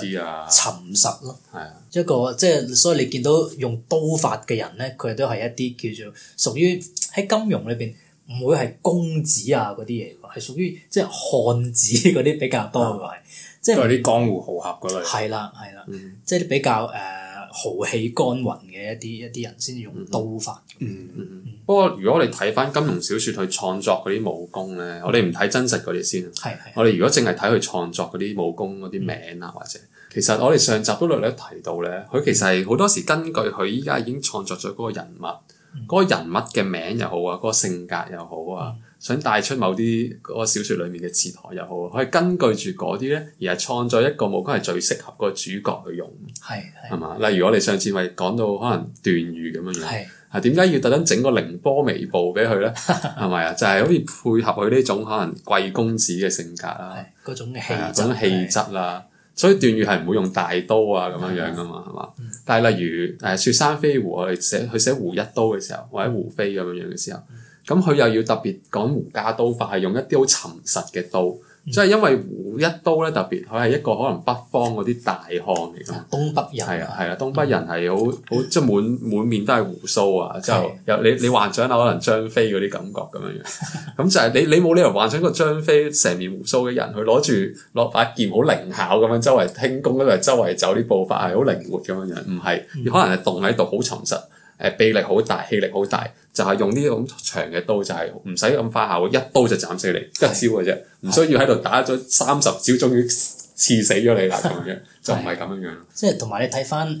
比較沉實咯，係啊、嗯，一個即係所以你見到用刀法嘅人咧，佢哋都係一啲叫做屬於喺金庸裏邊唔會係公子啊嗰啲嘢，係屬於即係漢子嗰啲比較多嘅係，嗯、即係都係啲江湖豪俠嗰類，係啦係啦，嗯、即係比較誒，呃豪氣干雲嘅一啲一啲人先用刀法。嗯嗯嗯。嗯、不過，如果我哋睇翻金庸小説去創作嗰啲武功咧，嗯、我哋唔睇真實嗰啲先。係係、嗯。我哋如果淨係睇佢創作嗰啲武功嗰啲名啊，嗯、或者其實我哋上集都略略提到咧，佢、嗯、其實係好多時根據佢依家已經創作咗嗰個人物，嗰、嗯、個人物嘅名又好啊，嗰、嗰個性格又好啊。嗯想帶出某啲嗰個小說裡面嘅哲學又好，可以根據住嗰啲咧，而係創作一個武功係最適合個主角去用。係係嘛？例如我哋上次咪講到可能段譽咁樣樣。係啊是，點解要特登整個凌波微步俾佢咧？係咪啊？就係好似配合佢呢種可能貴公子嘅性格啦，嗰種氣質啦。種氣質所以段譽係唔會用大刀啊咁是樣樣噶嘛，係嘛？但係例如誒、啊、雪山飛狐，我哋寫佢寫胡一刀嘅時候，或者胡斐咁樣樣嘅時候。咁佢又要特別講胡家刀法，係用一啲好沉實嘅刀，嗯、即係因為胡一刀咧，特別佢係一個可能北方嗰啲大漢嚟嘅，東北人係啊係啊，東北人係好好即係滿滿面都係鬍鬚啊，嗯、就你你幻想下可能張飛嗰啲感覺咁樣樣，咁就係你你冇理由幻想個張飛成面鬍鬚嘅人，佢攞住攞把劍好靈巧咁樣周圍輕功嗰度周圍走啲步伐係好靈活咁樣樣，唔係，可能係動喺度好沉實。誒臂力好大，氣力好大，就係、是、用呢種長嘅刀，就係唔使咁花巧，一刀就斬死你，一招嘅啫，唔的需要喺度打咗三十招，終於刺死咗你啦咁樣，的樣，就唔係咁樣樣。即係同埋你睇翻誒《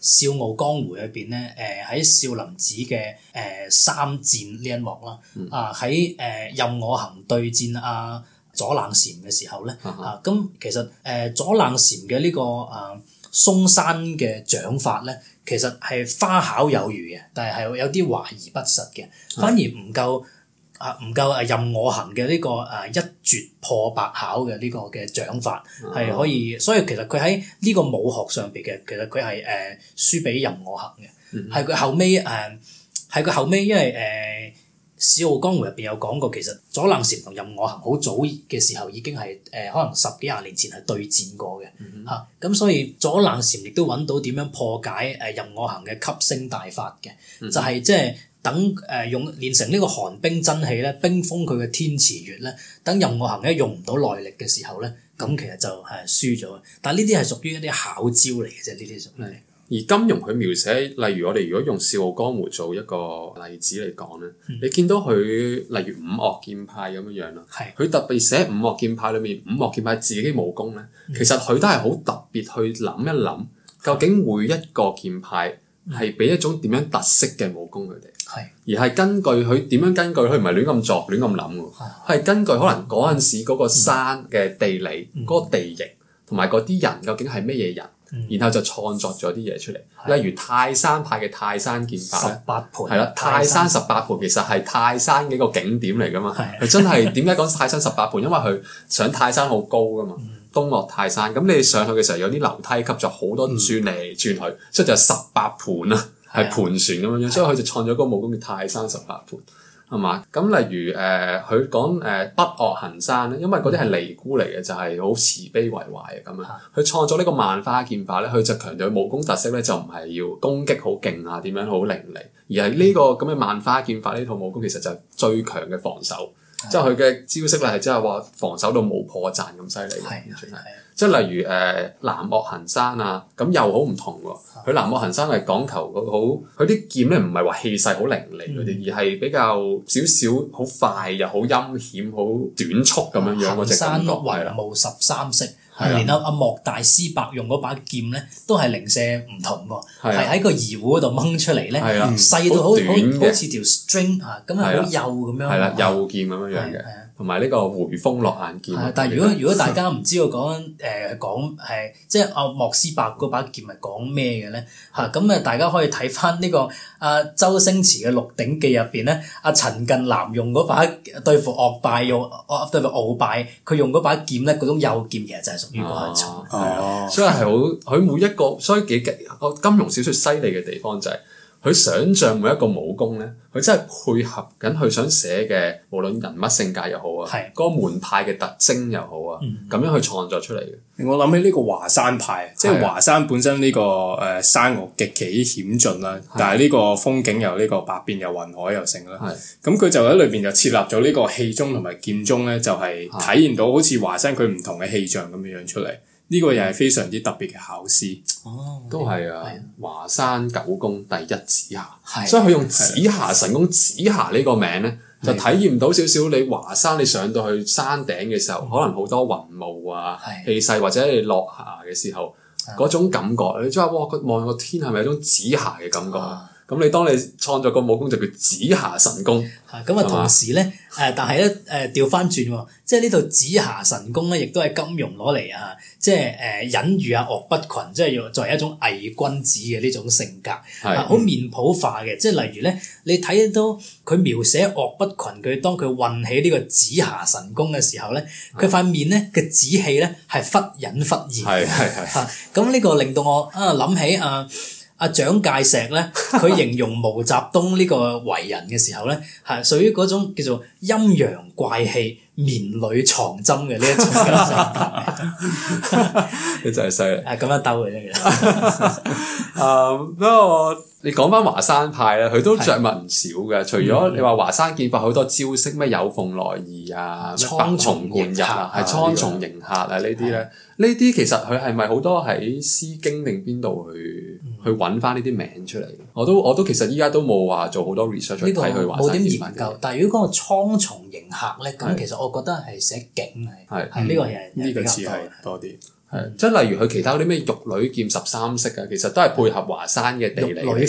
笑傲江湖裡面》裏邊咧，誒喺少林寺嘅誒、呃、三戰呢一幕啦，啊喺誒任我行對戰阿、啊、左冷禪嘅時候咧，嗯、啊咁其實誒左、呃、冷禪嘅、這個呃、呢個啊嵩山嘅掌法咧。其實係花巧有餘嘅，但係係有啲華而不實嘅，反而唔夠啊唔夠啊任我行嘅呢個啊一絕破百巧嘅呢個嘅掌法係可以，所以其實佢喺呢個武學上邊嘅，其實佢係誒輸俾任我行嘅，係佢後尾，誒係佢後尾，因為誒。呃《笑傲江湖》入邊有講過，其實左冷禪同任我行好早嘅時候已經係誒，可能十幾廿年前係對戰過嘅嚇、mm。咁、hmm. 啊、所以左冷禪亦都揾到點樣破解誒任我行嘅吸星大法嘅，就係即係等誒用練成呢個寒冰真氣咧，冰封佢嘅天池穴，咧，等任我行咧用唔到內力嘅時候咧，咁其實就係輸咗。但呢啲係屬於一啲巧招嚟嘅啫，呢啲咁嘅而金庸佢描寫，例如我哋如果用《笑傲江湖》做一個例子嚟講咧，嗯、你見到佢例如五岳劍派咁樣樣咯，佢的特別寫五岳劍派裏面五岳劍派自己武功咧，其實佢都係好特別去諗一諗，究竟每一個劍派係俾一種點樣特色嘅武功佢哋，而係根據佢點樣根據佢唔係亂咁作亂咁諗喎，係的根據可能嗰陣時嗰個山嘅地理、嗰、嗯、個地形同埋嗰啲人究竟係乜嘢人。然後就創作咗啲嘢出嚟，例如泰山派嘅泰山劍法咧，係啦十八盤，泰山十八盤其實係泰山嘅一個景點嚟噶嘛，佢是的 真係點解講泰山十八盤？因為佢上泰山好高噶嘛，東落泰山，咁你上去嘅時候有啲樓梯級，就好多轉嚟轉去， 所以就十八盤呀，係盤旋咁樣，是的 所以佢就創咗個武功叫泰山十八盤。係嘛？咁例如誒，佢講誒北嶽恆山咧，因為嗰啲係尼姑嚟嘅，就係好慈悲為懷嘅咁啊。佢創作呢個萬花劍法咧，佢就強調武功特色咧，就唔係要攻擊好勁啊，點樣好凌厲，而係呢個咁嘅萬花劍法呢套武功其實就係最強嘅防守，的即係佢嘅招式咧係真係話防守到冇破綻咁犀利。即係例如誒南岳衡山啊，咁又好唔同喎、啊。佢南岳衡山係講求佢好，佢啲劍咧唔係話氣勢好凌厲嗰啲，而係比較少少好快又好陰險、好短促咁樣樣嗰隻感覺。係啊，衡山雲霧十三色，吧連阿阿莫大師伯用嗰把劍咧都係零舍唔同喎，係喺吧個二胡嗰度掹出嚟咧，吧細到好短好好似條 string 嚇，咁係好幼咁吧樣。係啦吧，幼劍咁樣樣嘅。同埋呢個回風落雁劍。但係如果 如果大家唔知我講誒講誒，即係阿、啊、莫斯伯嗰把劍係講咩嘅咧？嚇，咁、嗯、誒大家可以睇翻呢個阿、啊、周星馳嘅《鹿鼎記》入邊咧，阿陳近南用嗰把對付鰲拜用，啊、對付鰲拜，佢用嗰把劍咧，嗰種右劍其實就係屬於嗰種。哦，所以係好，佢每一個，所以幾個金庸小說犀利嘅地方就係、是。佢想象每一個武功咧，佢真係配合緊佢想寫嘅，無論人物性格又好啊，嗰的門派嘅特徵又好啊，咁、嗯、樣去創作出嚟嘅。我諗起呢個華山派，是的 即係華山本身呢、這個誒、呃、山岳極其險峻啦，是的 但係呢個風景又呢個百變又雲海又成啦。咁佢是的 就喺裏邊就設立咗呢個氣宗同埋劍宗咧，就係體現到好似華山佢唔同嘅氣象咁樣樣出嚟。呢個又係非常之特別嘅考試，都係啊華山九宮第一紫霞，所以佢用紫霞神功、紫霞呢個名咧，就體驗到少少你華山你上到去山頂嘅時候，可能好多雲霧啊氣勢，或者你落霞嘅時候嗰種感覺，即係哇佢望個天係咪有種紫霞嘅感覺？咁你當你創作個武功就叫紫霞神功，嚇咁啊！同時咧，誒但係咧，誒調翻轉喎，即係呢套紫霞神功咧，亦都係金庸攞嚟啊！即係誒隱喻阿岳不群，即係用作為一種偽君子嘅呢種性格，好、嗯、面譜化嘅。即係例如咧，你睇到佢描寫岳不群，佢當佢運起呢個紫霞神功嘅時候咧，佢塊面咧嘅紫氣咧係忽隱忽現，係係係嚇。咁呢個令到我啊諗起啊～啊阿蔣介石咧，佢形容毛澤東呢個為人嘅時候咧，係屬於嗰種叫做陰陽怪氣、綿裏藏針嘅呢一種。你真係犀利，係咁樣兜嘅啫。誒，不過你講翻華山派咧，佢都着墨唔少嘅。的除咗你話華山劍法好多招式，咩有鳳來儀什麼 啊、蒼松貫入啊、係蒼松迎客啊呢啲咧，呢啲其實佢係咪好多喺《詩經》定邊度去？去揾翻呢啲名出嚟，我都我都其實依家都冇話做好多 research 去睇佢話寫啲乜嘢。冇點研究，但係如果講蒼松迎客咧，咁是其實我覺得係寫景係係呢個又係比較多啲。嗯這個係，即係例如佢其他啲咩玉女劍十三式啊，其實都係配合華山嘅地利，玉女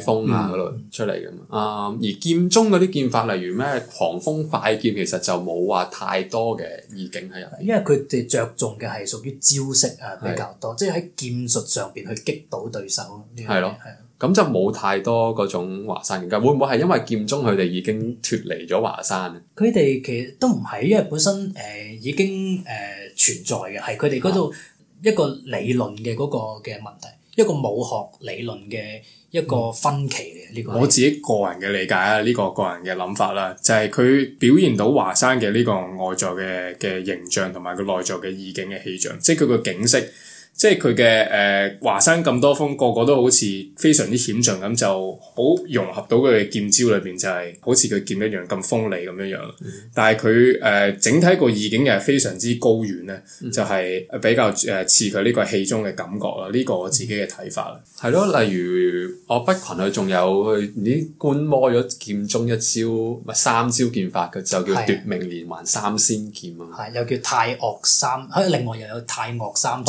風啊、嗯、出嚟咁啊。而劍宗嗰啲劍法，例如咩狂風快劍，其實就冇話太多嘅意境喺入邊。因為佢哋着重嘅係屬於招式啊比較多，的即係喺劍術上邊去擊倒對手呢樣嘢，的咁就冇太多嗰種華山嘅，會唔會係因為劍宗佢哋已經脫離咗華山咧？佢哋其實都唔係，因為本身誒、呃、已經誒、呃、存在嘅，係佢哋嗰度一個理論嘅嗰個嘅問題，嗯、一個武學理論嘅一個分歧嘅呢、這個。我自己個人嘅理解啊，呢、這個個人嘅諗法啦，就係、是、佢表現到華山嘅呢個外在嘅嘅形象，同埋個內在嘅意境嘅氣象，即係佢個景色。即係佢嘅誒華山咁多峯，個個都好似非常之險峻咁，就好融合到佢嘅劍招裏邊，就係、是、好似佢劍一樣咁鋒利咁樣樣。但係佢誒整體個意境又係非常之高遠咧，嗯、就係比較誒似佢呢個氣宗嘅感覺啦。呢、這個我自己嘅睇法啦。係咯、嗯，例如岳不群佢仲有佢啲觀摩咗劍宗一招，咪三招劍法嘅，就叫奪命連環三仙劍啊。係又叫太岳三，另外又有太岳三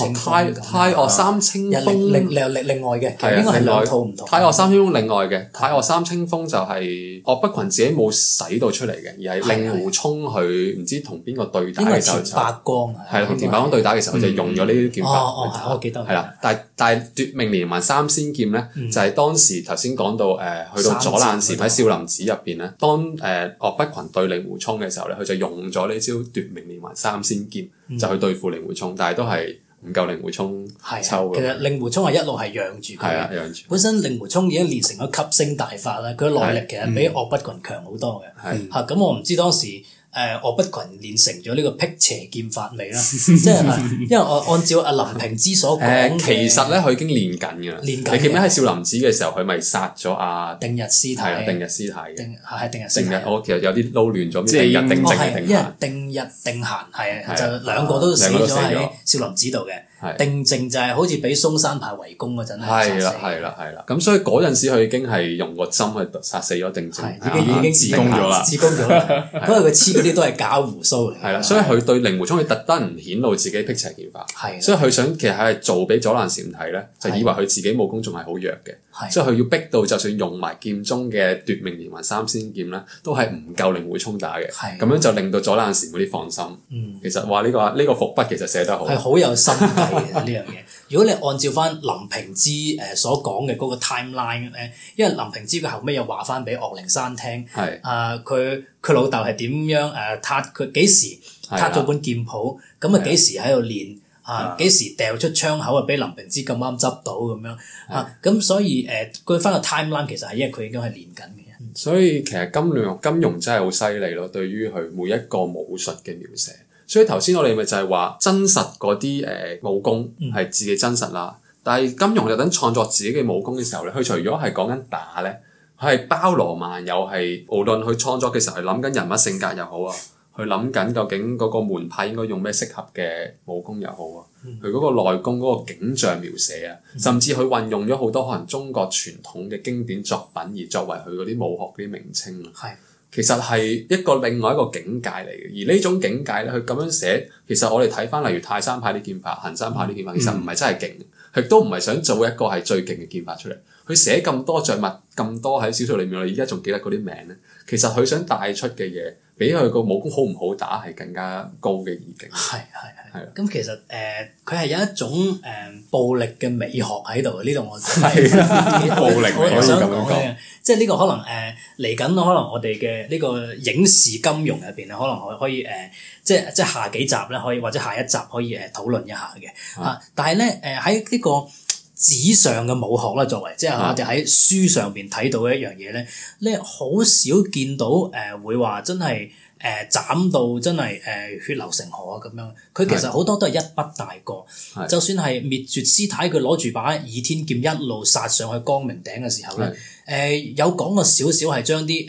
太岳三青峰另另另外嘅，係應該係兩套唔同。太岳三青峰另外嘅，太岳三青峰就係岳不群自己冇使到出嚟嘅，而係令狐沖佢唔知同邊個對打嘅時候就伯光係啦，同田伯光對打嘅時候就用咗呢啲劍法嚟打，我記得。係啦，但係但係奪命連環三仙劍咧，就係當時頭先講到誒，去到左冷禪喺少林寺入邊咧，當誒岳不群對令狐沖嘅時候咧，佢就用咗呢招奪命連環三仙劍就去對付令狐沖，但係都係。唔夠令狐沖抽、啊，其實令狐沖係一路係讓住佢。係啊，讓住。本身令狐沖已經練成咗吸星大法啦，佢、啊、內力其實比岳不群強好多嘅。係。嚇，咁我唔知當時。誒，岳、呃、不群練成咗呢個辟邪劍法未啦？ 即係因為我按照阿林平之所講、呃、其實咧佢已經練緊嘅啦。練緊。你記唔記得喺少林寺嘅時候，佢咪殺咗阿、啊、定逸師太？定逸師太？定係定逸師太。定逸，我其實有啲撈亂咗，即係定逸定閒定。我定逸定閒，係啊，對就兩個都死咗喺少林寺度嘅。定靜就係好似俾嵩山派圍攻嗰陣，殺死。係啦係啦係啦，咁所以嗰陣時佢已經係用個針去殺死咗定靜，已經已經自攻自宮咗啦，自宮咗啦。因為佢黐嗰啲都係假鬍鬚嚟。係啦，所以佢對令狐沖佢特登唔顯露自己辟邪劍法。係，所以佢想其實係做俾左冷禪睇咧，就以為佢自己武功仲係好弱嘅。所以佢要逼到，就算用埋劍宗嘅奪命連環三仙劍咧，都係唔夠靈活衝打嘅。咁樣就令到左冷禪冇啲放心。其實話呢個呢個伏筆其實寫得好，係好有心計嘅呢樣嘢。如果你按照翻林平之誒所講嘅嗰個 timeline 咧，因為林平之佢後尾又話翻俾岳靈珊聽，啊佢佢老豆係點樣誒？撻佢幾時撻咗本劍譜？咁啊幾時喺度練？啊！幾時掉出窗口啊？俾林平之咁啱執到咁樣啊！咁是的、啊、所以誒，講翻個 timeline 其實係因為佢已經係練緊嘅。所以其實金庸金庸真係好犀利咯，對於佢每一個武術嘅描寫。所以頭先我哋咪就係話真實嗰啲誒武功係自己真實啦。但係金庸就等創作自己嘅武功嘅時候咧，佢除咗係講緊打咧，佢係包羅萬有，係無論佢創作嘅時候係諗緊人物性格又好啊。去諗緊究竟嗰個門派應該用咩適合嘅武功又好啊，佢嗰個內功嗰個景象描寫啊，嗯、甚至佢運用咗好多可能中國傳統嘅經典作品而作為佢嗰啲武學嗰啲名稱啊。係是，其實係一個另外一個境界嚟嘅。而呢種境界咧，佢咁樣寫，其實我哋睇翻例如泰山派啲劍法、衡山派啲劍法，其實唔係真係勁，亦都唔係想做一個係最勁嘅劍法出嚟。佢寫咁多象物，咁多喺小説裡面，我而家仲記得嗰啲名咧。其實佢想帶出嘅嘢。俾佢個武功好唔好打，係更加高嘅意境。係係係。咁的其實誒，佢、呃、係有一種誒、呃、暴力嘅美學喺度呢度，我的 暴力我也想講嘅，即係呢個可能誒嚟緊可能我哋嘅呢個影視金庸入邊咧，可能可可以誒，即係即係下幾集咧，可以或者下一集可以誒、呃、討論一下嘅啊！嗯、但係咧誒喺呢、呃這個。紙上嘅武學啦，作為即係我哋喺書上邊睇到一樣嘢咧，咧好少見到誒會話真係誒斬到真係誒血流成河啊咁樣。佢其實好多都係一筆帶過，是 就算係滅絕師太佢攞住把倚天劍一路殺上去光明頂嘅時候咧，誒是、呃、有講過少少係將啲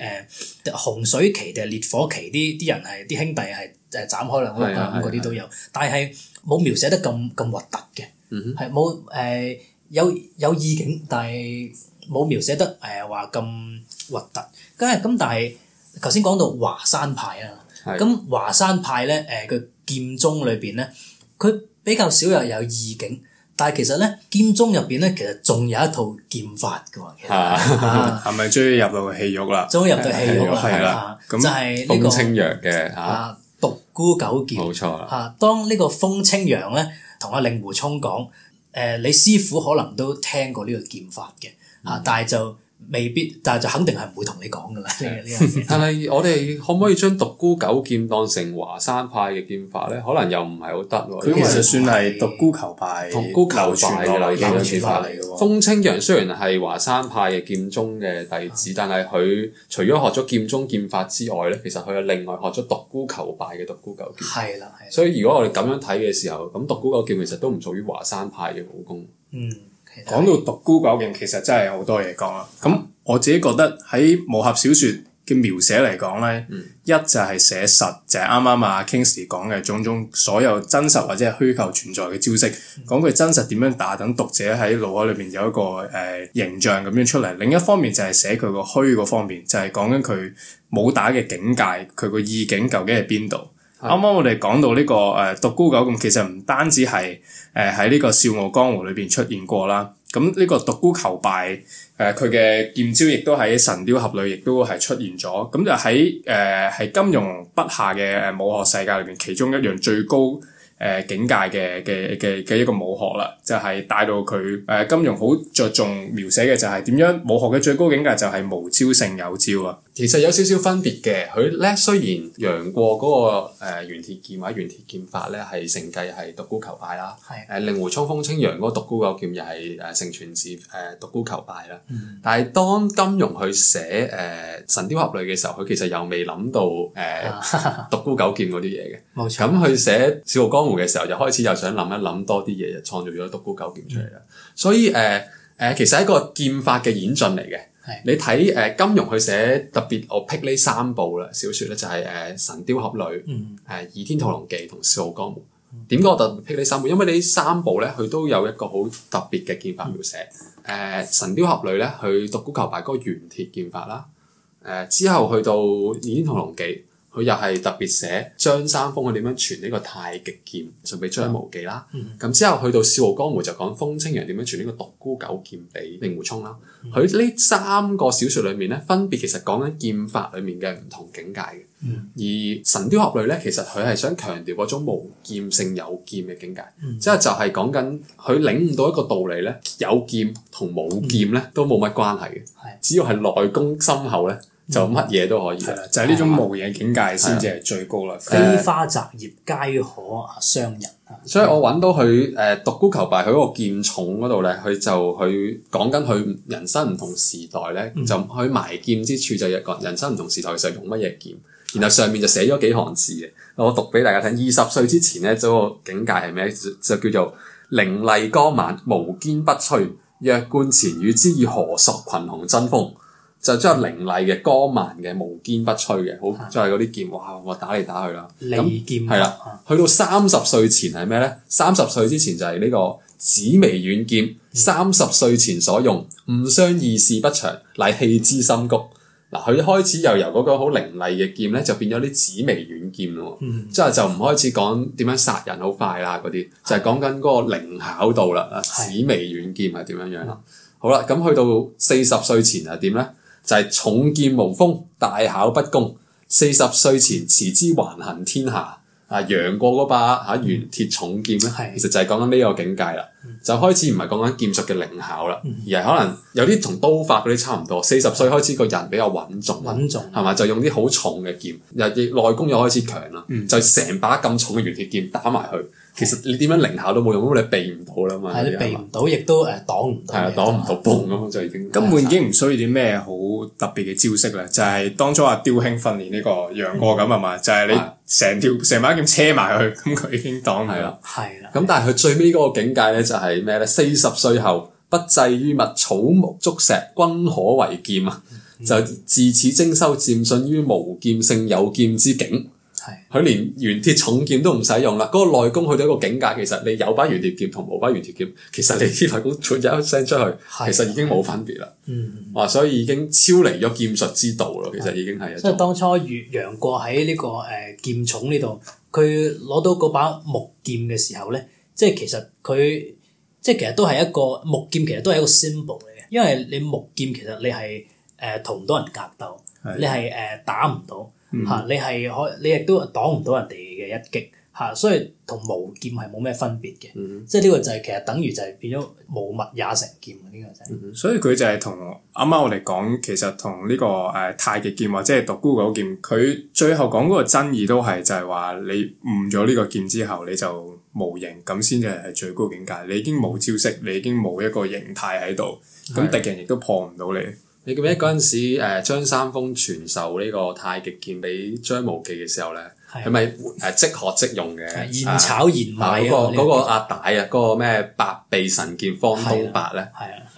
誒洪水旗定係烈火旗啲啲人係啲兄弟係誒斬開兩刀咁嗰啲都有，是 但係冇描寫得咁咁核突嘅，係冇誒。有有意境，但係冇描寫得誒話咁核突。咁咁，但係頭先講到華山派啊，咁華山派咧誒個劍宗裏邊咧，佢比較少有有意境。但係其實咧劍宗入邊咧，其實仲有一套劍法嘅。嚇嚇，係咪終於入到戲肉啦？終於入到戲肉啦！係啦，就係呢個風清揚嘅嚇獨孤九劍。冇錯啦，嚇當呢個風清揚咧，同阿令狐沖講，誒、呃，你師傅可能都聽過呢個劍法嘅，嚇、啊，但係就，未必，但係就肯定係唔會同你講噶啦。 但係我哋可唔可以將獨孤九劍當成華山派嘅劍法呢？可能又唔係好得咯。佢因為 其實算係獨孤求敗，獨孤求敗嘅劍法嚟嘅。風清揚雖然係華山派嘅劍宗嘅弟子，啊、但係佢除咗學咗劍宗劍法之外呢，其實佢又另外學咗獨孤求敗嘅獨孤九劍。係啦，係。所以如果我哋咁樣睇嘅時候，咁獨孤九劍其實都唔屬於華山派嘅武功。嗯。講到獨孤九劍其實真係有好多嘢講啦，咁我自己覺得喺武俠小説嘅描寫嚟講呢、嗯、一就係寫實，就係啱啱啊 King Sir 講嘅種種所有真實或者係虛構存在嘅招式，講佢真實點樣打，等讀者喺腦海裏面有一個誒、呃、形象咁樣出嚟。另一方面就係寫佢個虛個方面，就係講緊佢武打嘅境界，佢個意境究竟係邊度。啱啱我哋講到呢個誒獨孤九咁，其實唔單止係誒喺呢個笑傲江湖裏邊出現過啦。咁、這、呢個獨孤求敗誒佢嘅劍招，亦都喺神雕俠侶，亦都係出現咗。咁就喺誒係金庸筆下嘅誒武學世界裏邊，其中一樣最高誒境界嘅嘅嘅嘅一個武學啦，就係、是、帶到佢誒金庸好着重描寫嘅就係點樣武學嘅最高境界就係無招勝有招啊！其實有少少分別嘅，佢咧雖然楊過嗰個玄鐵劍或者玄鐵劍法咧係承繼係獨孤求敗啦，誒令狐沖風清揚嗰個獨孤九劍又係誒承傳自誒獨孤求敗啦。但係當金庸去寫誒神雕俠侶嘅時候，佢其實又未諗到誒獨孤九劍嗰啲嘢嘅，冇錯。咁去寫笑傲江湖嘅時候，又開始又想諗一諗多啲嘢，就創造咗獨孤九劍出嚟啦。所以誒誒，其實係一個劍法嘅演進嚟嘅。你睇誒金庸去寫特別，我僻呢三部啦小説，咧就係誒《神雕俠侶》嗯、誒《倚天屠龍記》同、嗯《笑傲江湖》。點解我特別僻呢三部？因為呢三部咧，佢都有一個好特別嘅劍法描寫。誒、嗯呃《神雕俠侶》咧，佢獨孤求敗嗰個玄鐵劍法啦。誒、呃、之後去到《倚天屠龍記》。佢又係特別寫張三豐佢點樣傳呢個太極劍，送俾張無忌啦。咁、嗯、之後去到《笑傲江湖》就講風清揚點樣傳呢個獨孤九劍俾令狐沖啦。佢呢、嗯、三個小説裡面咧，分別其實講緊劍法裡面嘅唔同境界嘅。嗯、而《神雕俠侶》咧，其實佢係想強調嗰種無劍勝有劍嘅境界，即係、嗯、就係講緊佢領悟到一個道理咧，有劍同冇劍咧都冇乜關係嘅，嗯、只要係內功深厚咧。就乜嘢都可以，的就呢種無野境界先至係最高啦。飛的、呃、花摘葉皆可傷人啊！所以我揾到佢誒獨孤求敗佢個劍重嗰度咧，佢就佢講緊佢人生唔同時代咧，的就佢埋劍之處就係講人生唔同時代上用乜嘢劍，的然後上面就寫咗幾行字嘅，我讀俾大家聽。二十歲之前咧，嗰個境界係咩？就叫做凌厲剛猛，無堅不摧。弱冠前與之以河朔群雄爭鋒？就即係凌厲嘅、剛猛嘅、無堅不摧嘅，好即係嗰啲劍，哇我打嚟打去啦。咁係啦，去到三十歲前係咩咧？三十歲之前就係呢個紫薇軟劍，三十歲前所用，誤傷義士不祥，乃棄之深谷。嗱，佢開始又由嗰個好凌厲嘅劍咧，就變咗啲紫薇軟劍喎。即係就唔開始講點樣殺人好快啦嗰啲，就係講緊嗰個靈巧度啦。嗱，紫薇軟劍係點樣樣啦？好啦，咁去到四十歲前係點咧？就係重劍無鋒，大巧不工。四十歲前持之橫行天下。啊，楊過嗰把嚇玄鐵重劍，嗯、其實就係講緊呢個境界啦。就開始唔係講緊劍術嘅靈巧啦，嗯、而係可能有啲同刀法嗰啲差唔多。四十歲開始個人比較穩重，係嘛重？就用啲好重嘅劍，又亦內功又開始強啦，就成把咁重嘅玄鐵劍打埋去。其實你點樣靈巧都冇用，因為你避唔到啦嘛，係啊，避唔到，亦都誒擋唔到，係啊，擋唔到，崩咁就已經根本已經唔需要啲咩好特別嘅招式啦，就係當初阿雕兄訓練呢個楊過咁係嘛，就係你成條成把劍車埋去，咁佢已經擋唔到，係啦，係啦。咁但係佢最尾嗰個境界咧就係咩咧？四十歲後不滯於物，草木竹石均可為劍啊！就自此精修，漸進於無劍勝有劍之境。係，佢是連玄鐵重劍都唔使用啦。嗰、那個內功去到一個境界，其實你有把玄鐵劍同冇把玄鐵劍，其實你啲武功出一聲出去，其實已經冇分別啦。的嗯，哇！所以已經超離咗劍術之道咯。的其實已經係一種即係當初楊過喺呢個誒劍塚呢度，佢攞到嗰把木劍嘅時候咧，即係其實佢即係其實都係一個木劍，其實都係一個 symbol 嚟嘅。因為你木劍其實你係誒同唔到人格鬥，是的 你係誒打唔到。吓、mm hmm.，你係可，你亦都擋唔到人哋嘅一擊，嚇，所以同無劍係冇咩分別嘅，mm hmm. 即係呢個就係、是、其實等於就係變咗無物也成劍呢啲、這個、就啫、是。Mm hmm. 所以佢就係同啱啱我哋講，其實同呢、這個誒、呃、太極劍或者係獨孤嗰劍，佢最後講嗰個爭議都係就係話你誤咗呢個劍之後，你就無形，咁先至係最高境界，你已經冇招式，你已經冇一個形態喺度，咁敵人亦都破唔到你。你記唔記得嗰陣時，誒張三豐傳授呢個太極劍俾張無忌嘅時候咧，係咪誒即學即用嘅？現炒現賣啊！嗰個阿大啊，嗰、那個咩、啊那個、白臂神劍方東白咧，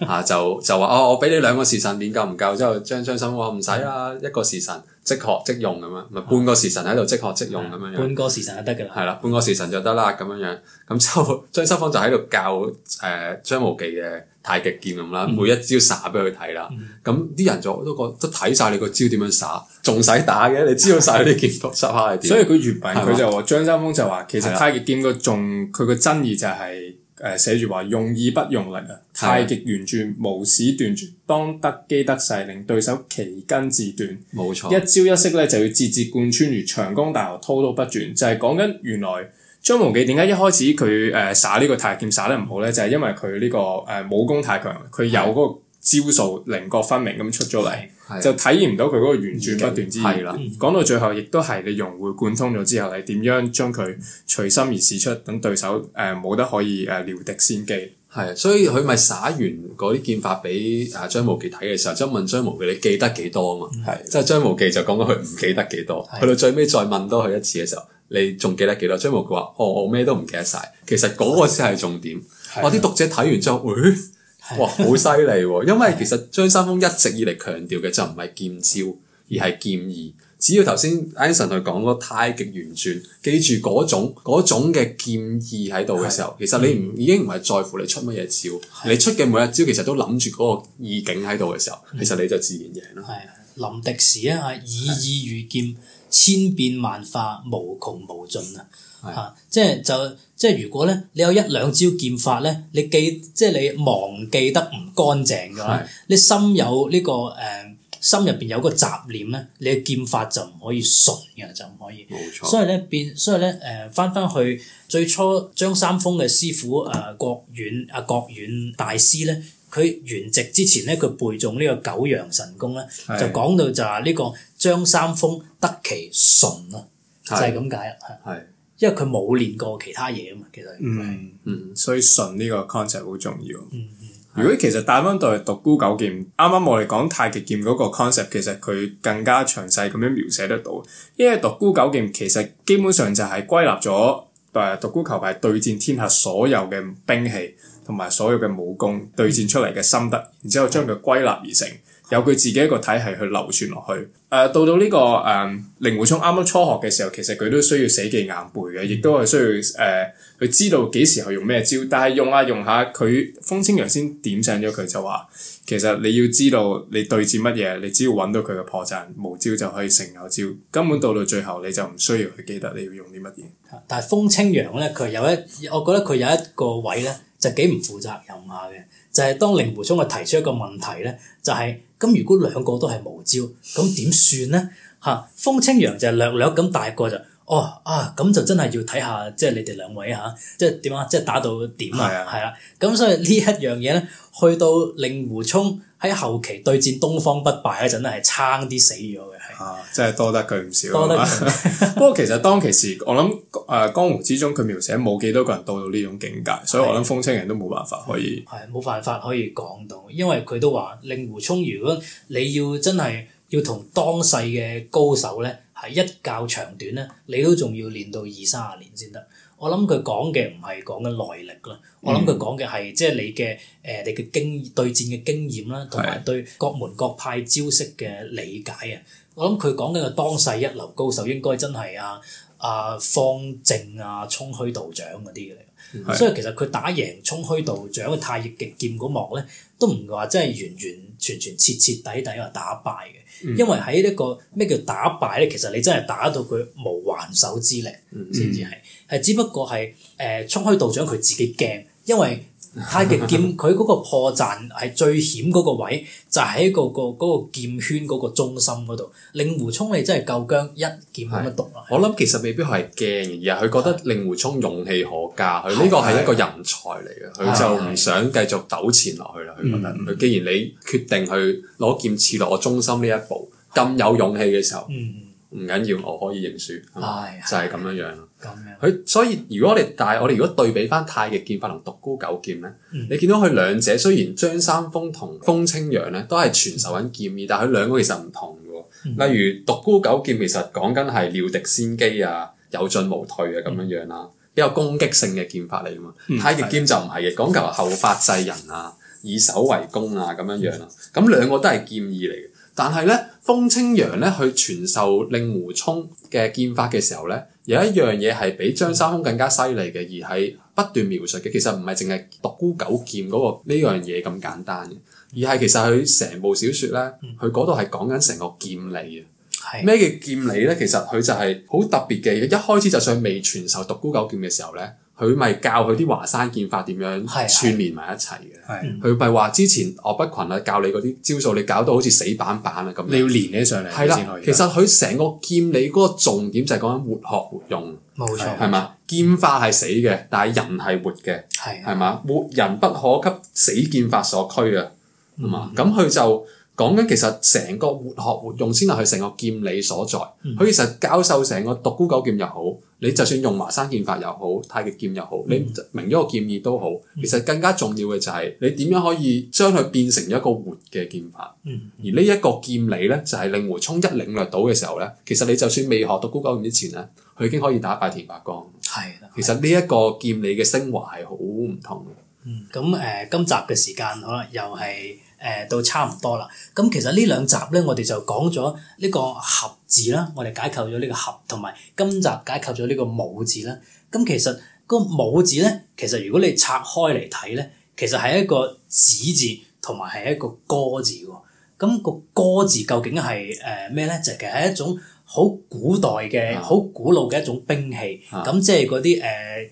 嚇、啊啊啊、就就話哦，我俾你兩個時辰點夠唔夠？之後，張張三豐話唔使啦，啊、一個時辰即學即用咁樣，咪、啊、半個時辰喺度即學即用咁樣樣。半個時辰就得㗎啦。係啦、啊，半個時辰就得啦，咁樣樣。咁之後， 張三豐就喺度教誒、uh, uh, 張無忌嘅。太極劍咁啦，每一招耍俾佢睇啦，咁啲、嗯、人就都覺得都睇晒你個招點樣耍，仲使打嘅？你知道曬嗰啲劍法手 下係點？所以佢原文佢就話，吧張三豐就話，其實太極劍個仲佢個真義就係、是、誒吧、呃、寫住話，用意不用力啊，太極圓轉無使斷絕，當得機得勢令，令對手其根自斷，冇錯，一招一式咧就要節節貫穿如長江大河滔滔不絕，就係講緊原來。張無忌點解一開始佢誒耍呢個太極劍耍得唔好咧？就係、是、因為佢呢個誒武功太強，佢有嗰個招數棱角分明咁出咗嚟，的就體驗唔到佢嗰個圓轉不斷之。係啦，講到最後亦都係你融會貫通咗之後，你點樣將佢隨心而使出，等對手誒冇得可以誒料敵先機。係，所以佢咪耍完嗰啲劍法俾誒張無忌睇嘅時候，即係問張無忌你記得幾多啊？嘛的，係，即係張無忌就講咗佢唔記得幾多，去的到最尾再問多佢一次嘅時候。你仲記得幾多？張無忌話：我我咩都唔記得晒。」其實嗰個先係重點。我啲的、哦、讀者睇完之後，咦、哎？哇！好犀利喎！因為其實張三豐一直以嚟強調嘅就唔係劍招，而係劍意。只要頭先 Anson 佢講嗰個太極圓轉，記住嗰種嘅劍意喺度嘅時候，的其實你唔已經唔係在乎你出乜嘢招，的你出嘅每一招其實都諗住嗰個意境喺度嘅時候，的其實你就自然贏咯。係啊，臨敵時啊，以意御劍的。千變萬化，無窮無盡啊！嚇是的，即係就即係，如果咧你有一兩招劍法咧，你記即係你忘記得唔乾淨嘅話，是的 你心有呢、這個誒心入邊有個雜念咧，你嘅劍法就唔可以純嘅，就唔可以。冇沒錯。所以咧變，所以咧誒，翻、呃、翻去最初張三豐嘅師傅誒、呃，覺遠阿、啊、覺遠大師咧。佢圓寂之前咧，佢背誦呢個九陽神功咧，是就講到就話呢個張三豐得其純咯，就係咁解。係是是因為佢冇練過其他嘢啊嘛，其實。嗯嗯，是嗯所以純呢個 concept 好重要。嗯、如果其實帶翻到嚟《獨孤九劍》是，啱啱我哋講太極劍嗰個 concept，其實佢更加詳細咁樣描寫得到。因為《獨孤九劍》其實基本上就係歸納咗誒、就是、獨孤求敗對戰天下所有嘅兵器。同埋所有嘅武功對戰出嚟嘅心得，然之後將佢歸納而成，由佢自己一個體系去流傳落去。誒、呃，到到呢、這個誒，令狐沖啱啱初學嘅時候，其實佢都需要死記硬背嘅，亦都係需要誒，佢、呃、知道幾時係用咩招。但係用下、啊、用下、啊，佢風清揚先點醒咗佢，就話其實你要知道你對戰乜嘢，你只要揾到佢嘅破綻，無招就可以成有招。根本到到最後，你就唔需要去記得你要用啲乜嘢。但係風清揚咧，佢有一，我覺得佢有一個位咧。就幾唔負責任下嘅，就係當令狐沖佢提出一個問題咧，就係咁如果兩個都係無招，咁點算咧？嚇，風清揚就略略咁大個就，哦啊咁就真係要睇下，即係你哋兩位嚇，即係點啊？即係打到點啊？係啊， 咁所以呢一樣嘢咧，去到令狐沖喺後期對戰東方不敗嗰陣咧，係爭啲死咗。啊！真係多得佢唔少 不過其實當其時，我諗誒江湖之中，佢描寫冇幾多個人到到呢種境界，的所以我諗風清人都冇辦法可以。係冇辦法可以講到，因為佢都話令狐沖，如果你要真係要同當世嘅高手咧，係一較長短咧，你都仲要練到二三十年先得。我諗佢講嘅唔係講緊內力啦，嗯、我諗佢講嘅係即係你嘅誒你嘅經對戰嘅經驗啦，同埋對各門各派招式嘅理解啊。我諗佢講緊個當世一流高手應該真係啊，啊方正啊、沖虛道長嗰啲嚟。是的 所以其實佢打贏沖虛道長嘅太極極劍嗰幕咧，都唔話真係完完全全徹徹底底話打敗嘅，因為喺呢、這個咩叫打敗咧？其實你真係打到佢無還手之力先至係，係、嗯、只不過係誒沖虛道長佢自己驚，因為。太極劍，佢嗰個破綻係最險嗰個位，就喺個個嗰劍圈嗰個中心嗰度。令狐沖你真係夠薑，一劍咁樣篤落。我諗其實未必係驚，而係佢覺得令狐沖勇氣可嘉，佢呢個係一個人才嚟嘅，佢就唔想繼續糾纏落去啦。佢覺得，佢既然你決定去攞劍刺落我中心呢一步，咁有勇氣嘅時候。唔緊要，我可以認輸，就係咁樣樣。佢所以，如果我哋但係我哋如果對比翻《太極劍法》同《獨孤九劍》咧，你見到佢兩者雖然張三豐同風清揚咧都係傳授緊劍意，但係佢兩個其實唔同嘅喎。例如《獨孤九劍》其實講緊係料敵先機啊，有進無退啊咁樣樣啦，比較攻擊性嘅劍法嚟㗎嘛，《太極劍》就唔係嘅，講求後發制人啊，以守為攻啊咁樣樣啦。咁兩個都係劍意嚟。但係咧，風清揚咧去傳授令狐沖嘅劍法嘅時候咧，有一樣嘢係比張三豐更加犀利嘅，而係不斷描述嘅。其實唔係淨係獨孤九劍嗰個呢樣嘢咁簡單嘅，而係其實佢成部小說咧，佢嗰度係講緊成個劍理啊。咩叫劍理咧？其實佢就係好特別嘅。一開始就算未傳授獨孤九劍嘅時候咧。佢咪教佢啲華山劍法點樣串連埋一齊嘅？佢咪話之前岳不群啊教你嗰啲招數，你搞到好似死板板啊咁，你要連起上嚟先可以。其實佢成個劍理嗰個重點就係講緊活學活用，冇錯，係嘛的？的劍法係死嘅，但係人係活嘅，係係嘛？的的活人不可給死劍法所拘啊嘛！咁佢、嗯、就講緊其實成個活學活用先係佢成個劍理所在。佢、嗯、其實教授成個獨孤九劍又好。你就算用華山劍法又好，太極劍又好，嗯、你明咗個劍意都好。嗯、其實更加重要嘅就係你點樣可以將佢變成一個活嘅劍法。嗯嗯、而呢一個劍理咧，就係令狐沖一領略到嘅時候咧，其實你就算未學到高九五之前咧，佢已經可以打敗田伯光。係的，其實呢一個劍理嘅昇華係好唔同嘅。嗯，咁誒、呃，今集嘅時間可能又係。誒到差唔多啦，咁其實呢兩集咧、這個，我哋就講咗呢個俠字啦，我哋解構咗呢個俠，同埋今集解構咗呢個武字啦。咁其實、那個武字咧，其實如果你拆開嚟睇咧，其實係一個止字，同埋係一個戈字喎。咁、那個戈字究竟係誒咩咧？就是、其實係一種，好古代嘅好古老嘅一種兵器，咁、啊、即係嗰啲誒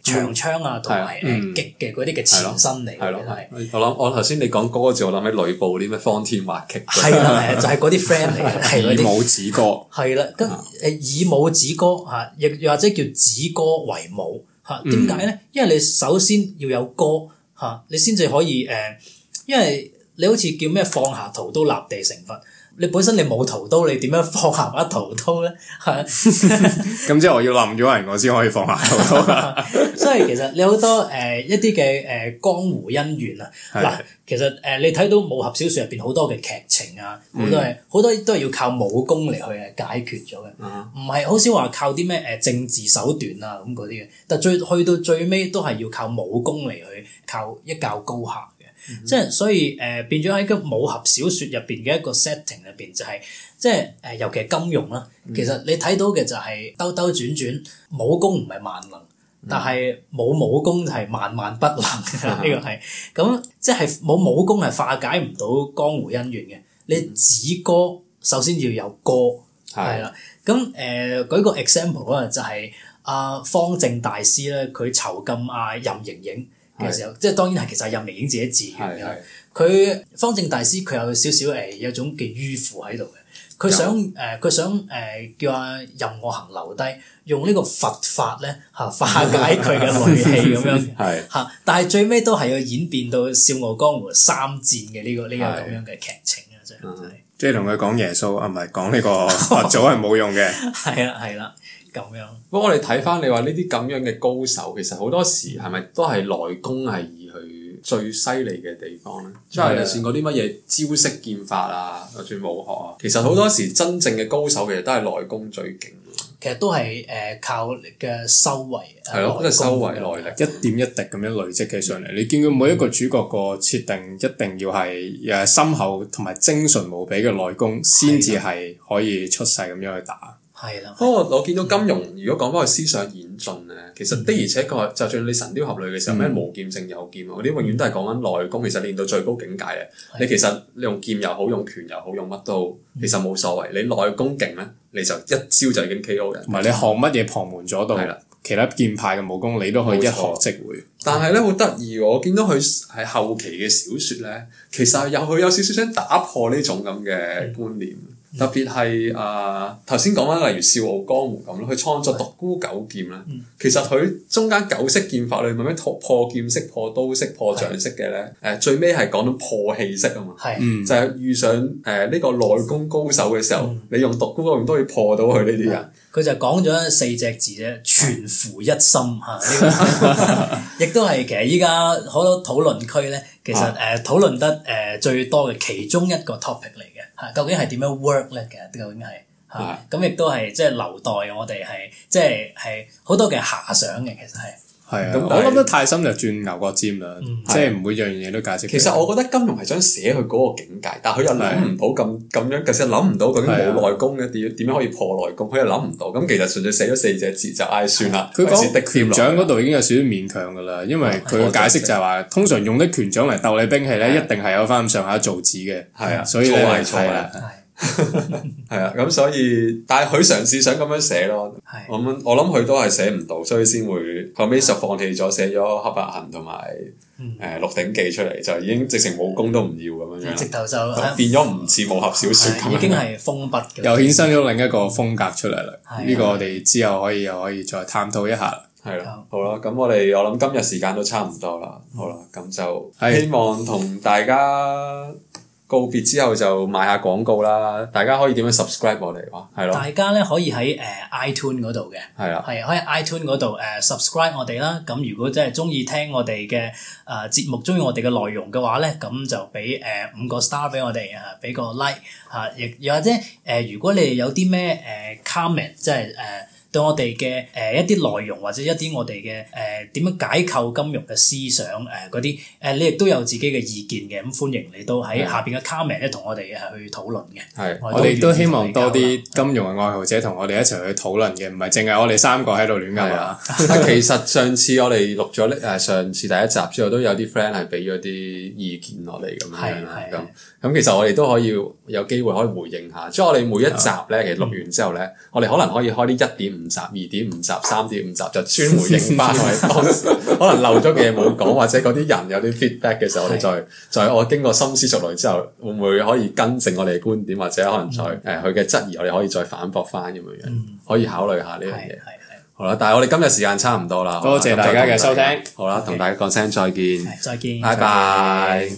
長槍啊，同埋誒戟嘅嗰啲嘅前身嚟嘅，係。我諗我頭先你講戈字，我諗起呂布啲咩方天畫戟。係啦係啦，就係嗰啲 friend 嚟嘅，係嗰啲。以武止戈。係啦， 咁誒以武止戈嚇，亦或者叫止戈為武嚇？點解咧？嗯、因為你首先要有戈嚇，你先至可以誒、呃，因為你好似叫咩放下屠刀立地成佛。你本身你冇屠刀，你點樣放下把屠刀咧？係咁即係我要冧咗人，我先可以放下。所以其實你好多誒一啲嘅誒江湖恩怨啊，嗱， 其實誒你睇到武俠小說入邊好多嘅劇情啊，好多嘢，好、嗯、多都係要靠武功嚟去解決咗嘅，唔係、嗯、好少話靠啲咩誒政治手段啊咁嗰啲嘅。但最去到最尾都係要靠武功嚟去靠一較高下。即係、mm hmm. 所以誒、呃、變咗喺個武俠小説入邊嘅一個 setting 入邊就係、是，即係誒尤其係金庸啦。Mm hmm. 其實你睇到嘅就係兜兜轉轉，武功唔係萬能，mm hmm. 但係冇武功就係萬萬不能，呢個係。咁、mm hmm. 嗯、即係冇武功係化解唔到江湖恩怨嘅。你指歌首先要有歌係啦。咁誒、mm hmm. 呃、舉個 example、就是、啊，就係阿方正大師咧，佢囚禁啊任盈盈，盈。嘅時候，即係當然係其實任明已經自己自願嘅。佢的方正大師佢有少少誒有種嘅迂腐喺度嘅。佢想誒佢有、呃、想誒、呃、叫阿任我行留低，用呢個佛法咧嚇化解佢嘅戾氣咁樣嚇。 的的但係最尾都係要演變到笑傲江湖三戰嘅呢、這個呢個咁樣嘅劇情啊！真係即係同佢講耶穌啊，唔係講呢個佛祖係冇用嘅。係啦， 係啦。咁樣，不過我哋睇翻你話呢啲咁樣嘅高手，其實好多時係咪都係內功係以佢最犀利嘅地方咧？即係、啊、你練過啲乜嘢招式劍法啊，或者武學啊？其實好多時真正嘅高手其實都係內功最勁、嗯。其實都係誒、呃、靠你嘅修為，係咯、啊，即係、啊、修為內力一點一滴咁樣累積起上嚟。你見佢每一個主角個設定，一定要係誒深厚同埋精純無比嘅內功，先至係可以出世咁樣去打。係啦。哦，我見到金庸，如果講翻個思想演進咧，其實的而且確，就算你神雕俠侶嘅時候咩、嗯、無劍勝有劍啊，嗰啲永遠都係講緊內功，其實練到最高境界咧，嗯、你其實你用劍又好，用拳又好，用乜都好，其實冇所謂。你內功勁咧，你就一招就已經 K.O. 人。唔係你學乜嘢旁門左道，的其他劍派嘅武功你都可以一學即會。但係咧，好得意，我見到佢係後期嘅小説咧，其實有佢有少少想打破呢種咁嘅觀念。嗯特別係誒頭先講啦，例如《笑傲江湖》咁咯，佢創作《獨孤九劍》咧的，其實佢中間九式劍法裏面咩破劍式、破刀式、破掌式嘅咧，誒的、呃、最尾係講到破氣式啊嘛，的就係遇上誒呢、呃呢個內功高手嘅時候，的你用獨孤九劍都可以破到佢呢啲人。佢就講咗四隻字啫，全乎一心嚇，呢個亦都係其實依家好多討論區咧，其實誒討論得誒最多嘅其中一個 topic 嚟嘅嚇，究竟係點樣 work 咧？ 其實究竟係嚇，咁亦都係即係留待我哋係即係係好多嘅遐想嘅，其實係。係啊，我諗得太深就轉牛角尖啦，即係唔會每樣嘢都解釋。其實我覺得金庸係想寫佢嗰個境界，但係佢又諗唔到咁咁樣，其實諗唔到究竟冇內功嘅點點樣可以破內功，佢又諗唔到。咁其實純粹寫咗四隻字就唉算啦。佢講拳掌嗰度已經有少少勉強㗎啦，因為佢嘅解釋就係話，通常用啲拳掌嚟鬥你兵器咧，一定係有翻咁上下造詣嘅，係啊，所以咧係。係啊，咁 所以，但係佢嘗試想咁樣寫咯的。我諗我諗佢都係寫唔到，所以先會後尾就放棄咗，寫咗《黑白行》同埋、嗯、《誒、呃、鹿鼎記》出嚟，就已經直情武功都唔要咁樣樣直頭就，就變咗唔似武俠小說樣，已經係封筆嘅。又衍生咗另一個風格出嚟啦。呢的個我哋之後可以又可以再探討一下，係咯的，好啦。咁我哋我諗今日時間都差唔多啦。好啦，咁就希望同大家。的 告別之後就賣下廣告啦，大家可以點樣 subscribe 我哋？哇，係咯，大家咧可以喺誒 iTunes 嗰度嘅，係啊，係，可以喺 iTunes 嗰度誒 subscribe 我哋啦。咁如果真係中意聽我哋嘅誒節目，中意我哋嘅內容嘅話咧，咁就俾誒五個 star 俾我哋啊，俾個 like 嚇，亦或者誒，如果你有啲咩誒 comment，即係，誒。對我哋嘅誒一啲內容，或者一啲我哋嘅誒點樣解構金庸嘅思想誒嗰啲誒，你亦都有自己嘅意見嘅，咁歡迎你都喺下邊嘅 comment 咧，同的我哋係去討論嘅。係，我哋都希望多啲金庸嘅愛好者同我哋一齊去討論嘅，唔係淨係我哋三個喺度亂噏啦。的 其實上次我哋錄咗咧誒，上次第一集之後都有啲 friend 係俾咗啲意見落嚟咁樣啦咁。咁其實我哋都可以有機會可以回應下，即係我哋每一集咧，其實錄完之後咧，我哋可能可以開啲一點五集、二點五集、三點五集，就專回應翻我哋當時可能漏咗嘅嘢冇講，或者嗰啲人有啲 feedback 嘅時候，我哋再再我經過深思熟慮之後，會唔會可以更正我哋嘅觀點，或者可能再誒佢嘅質疑，我哋可以再反駁翻咁樣樣，可以考慮下呢樣嘢。好啦，但係我哋今日時間差唔多啦，多謝大家嘅收聽。好啦，同大家講聲再見。再見。拜拜。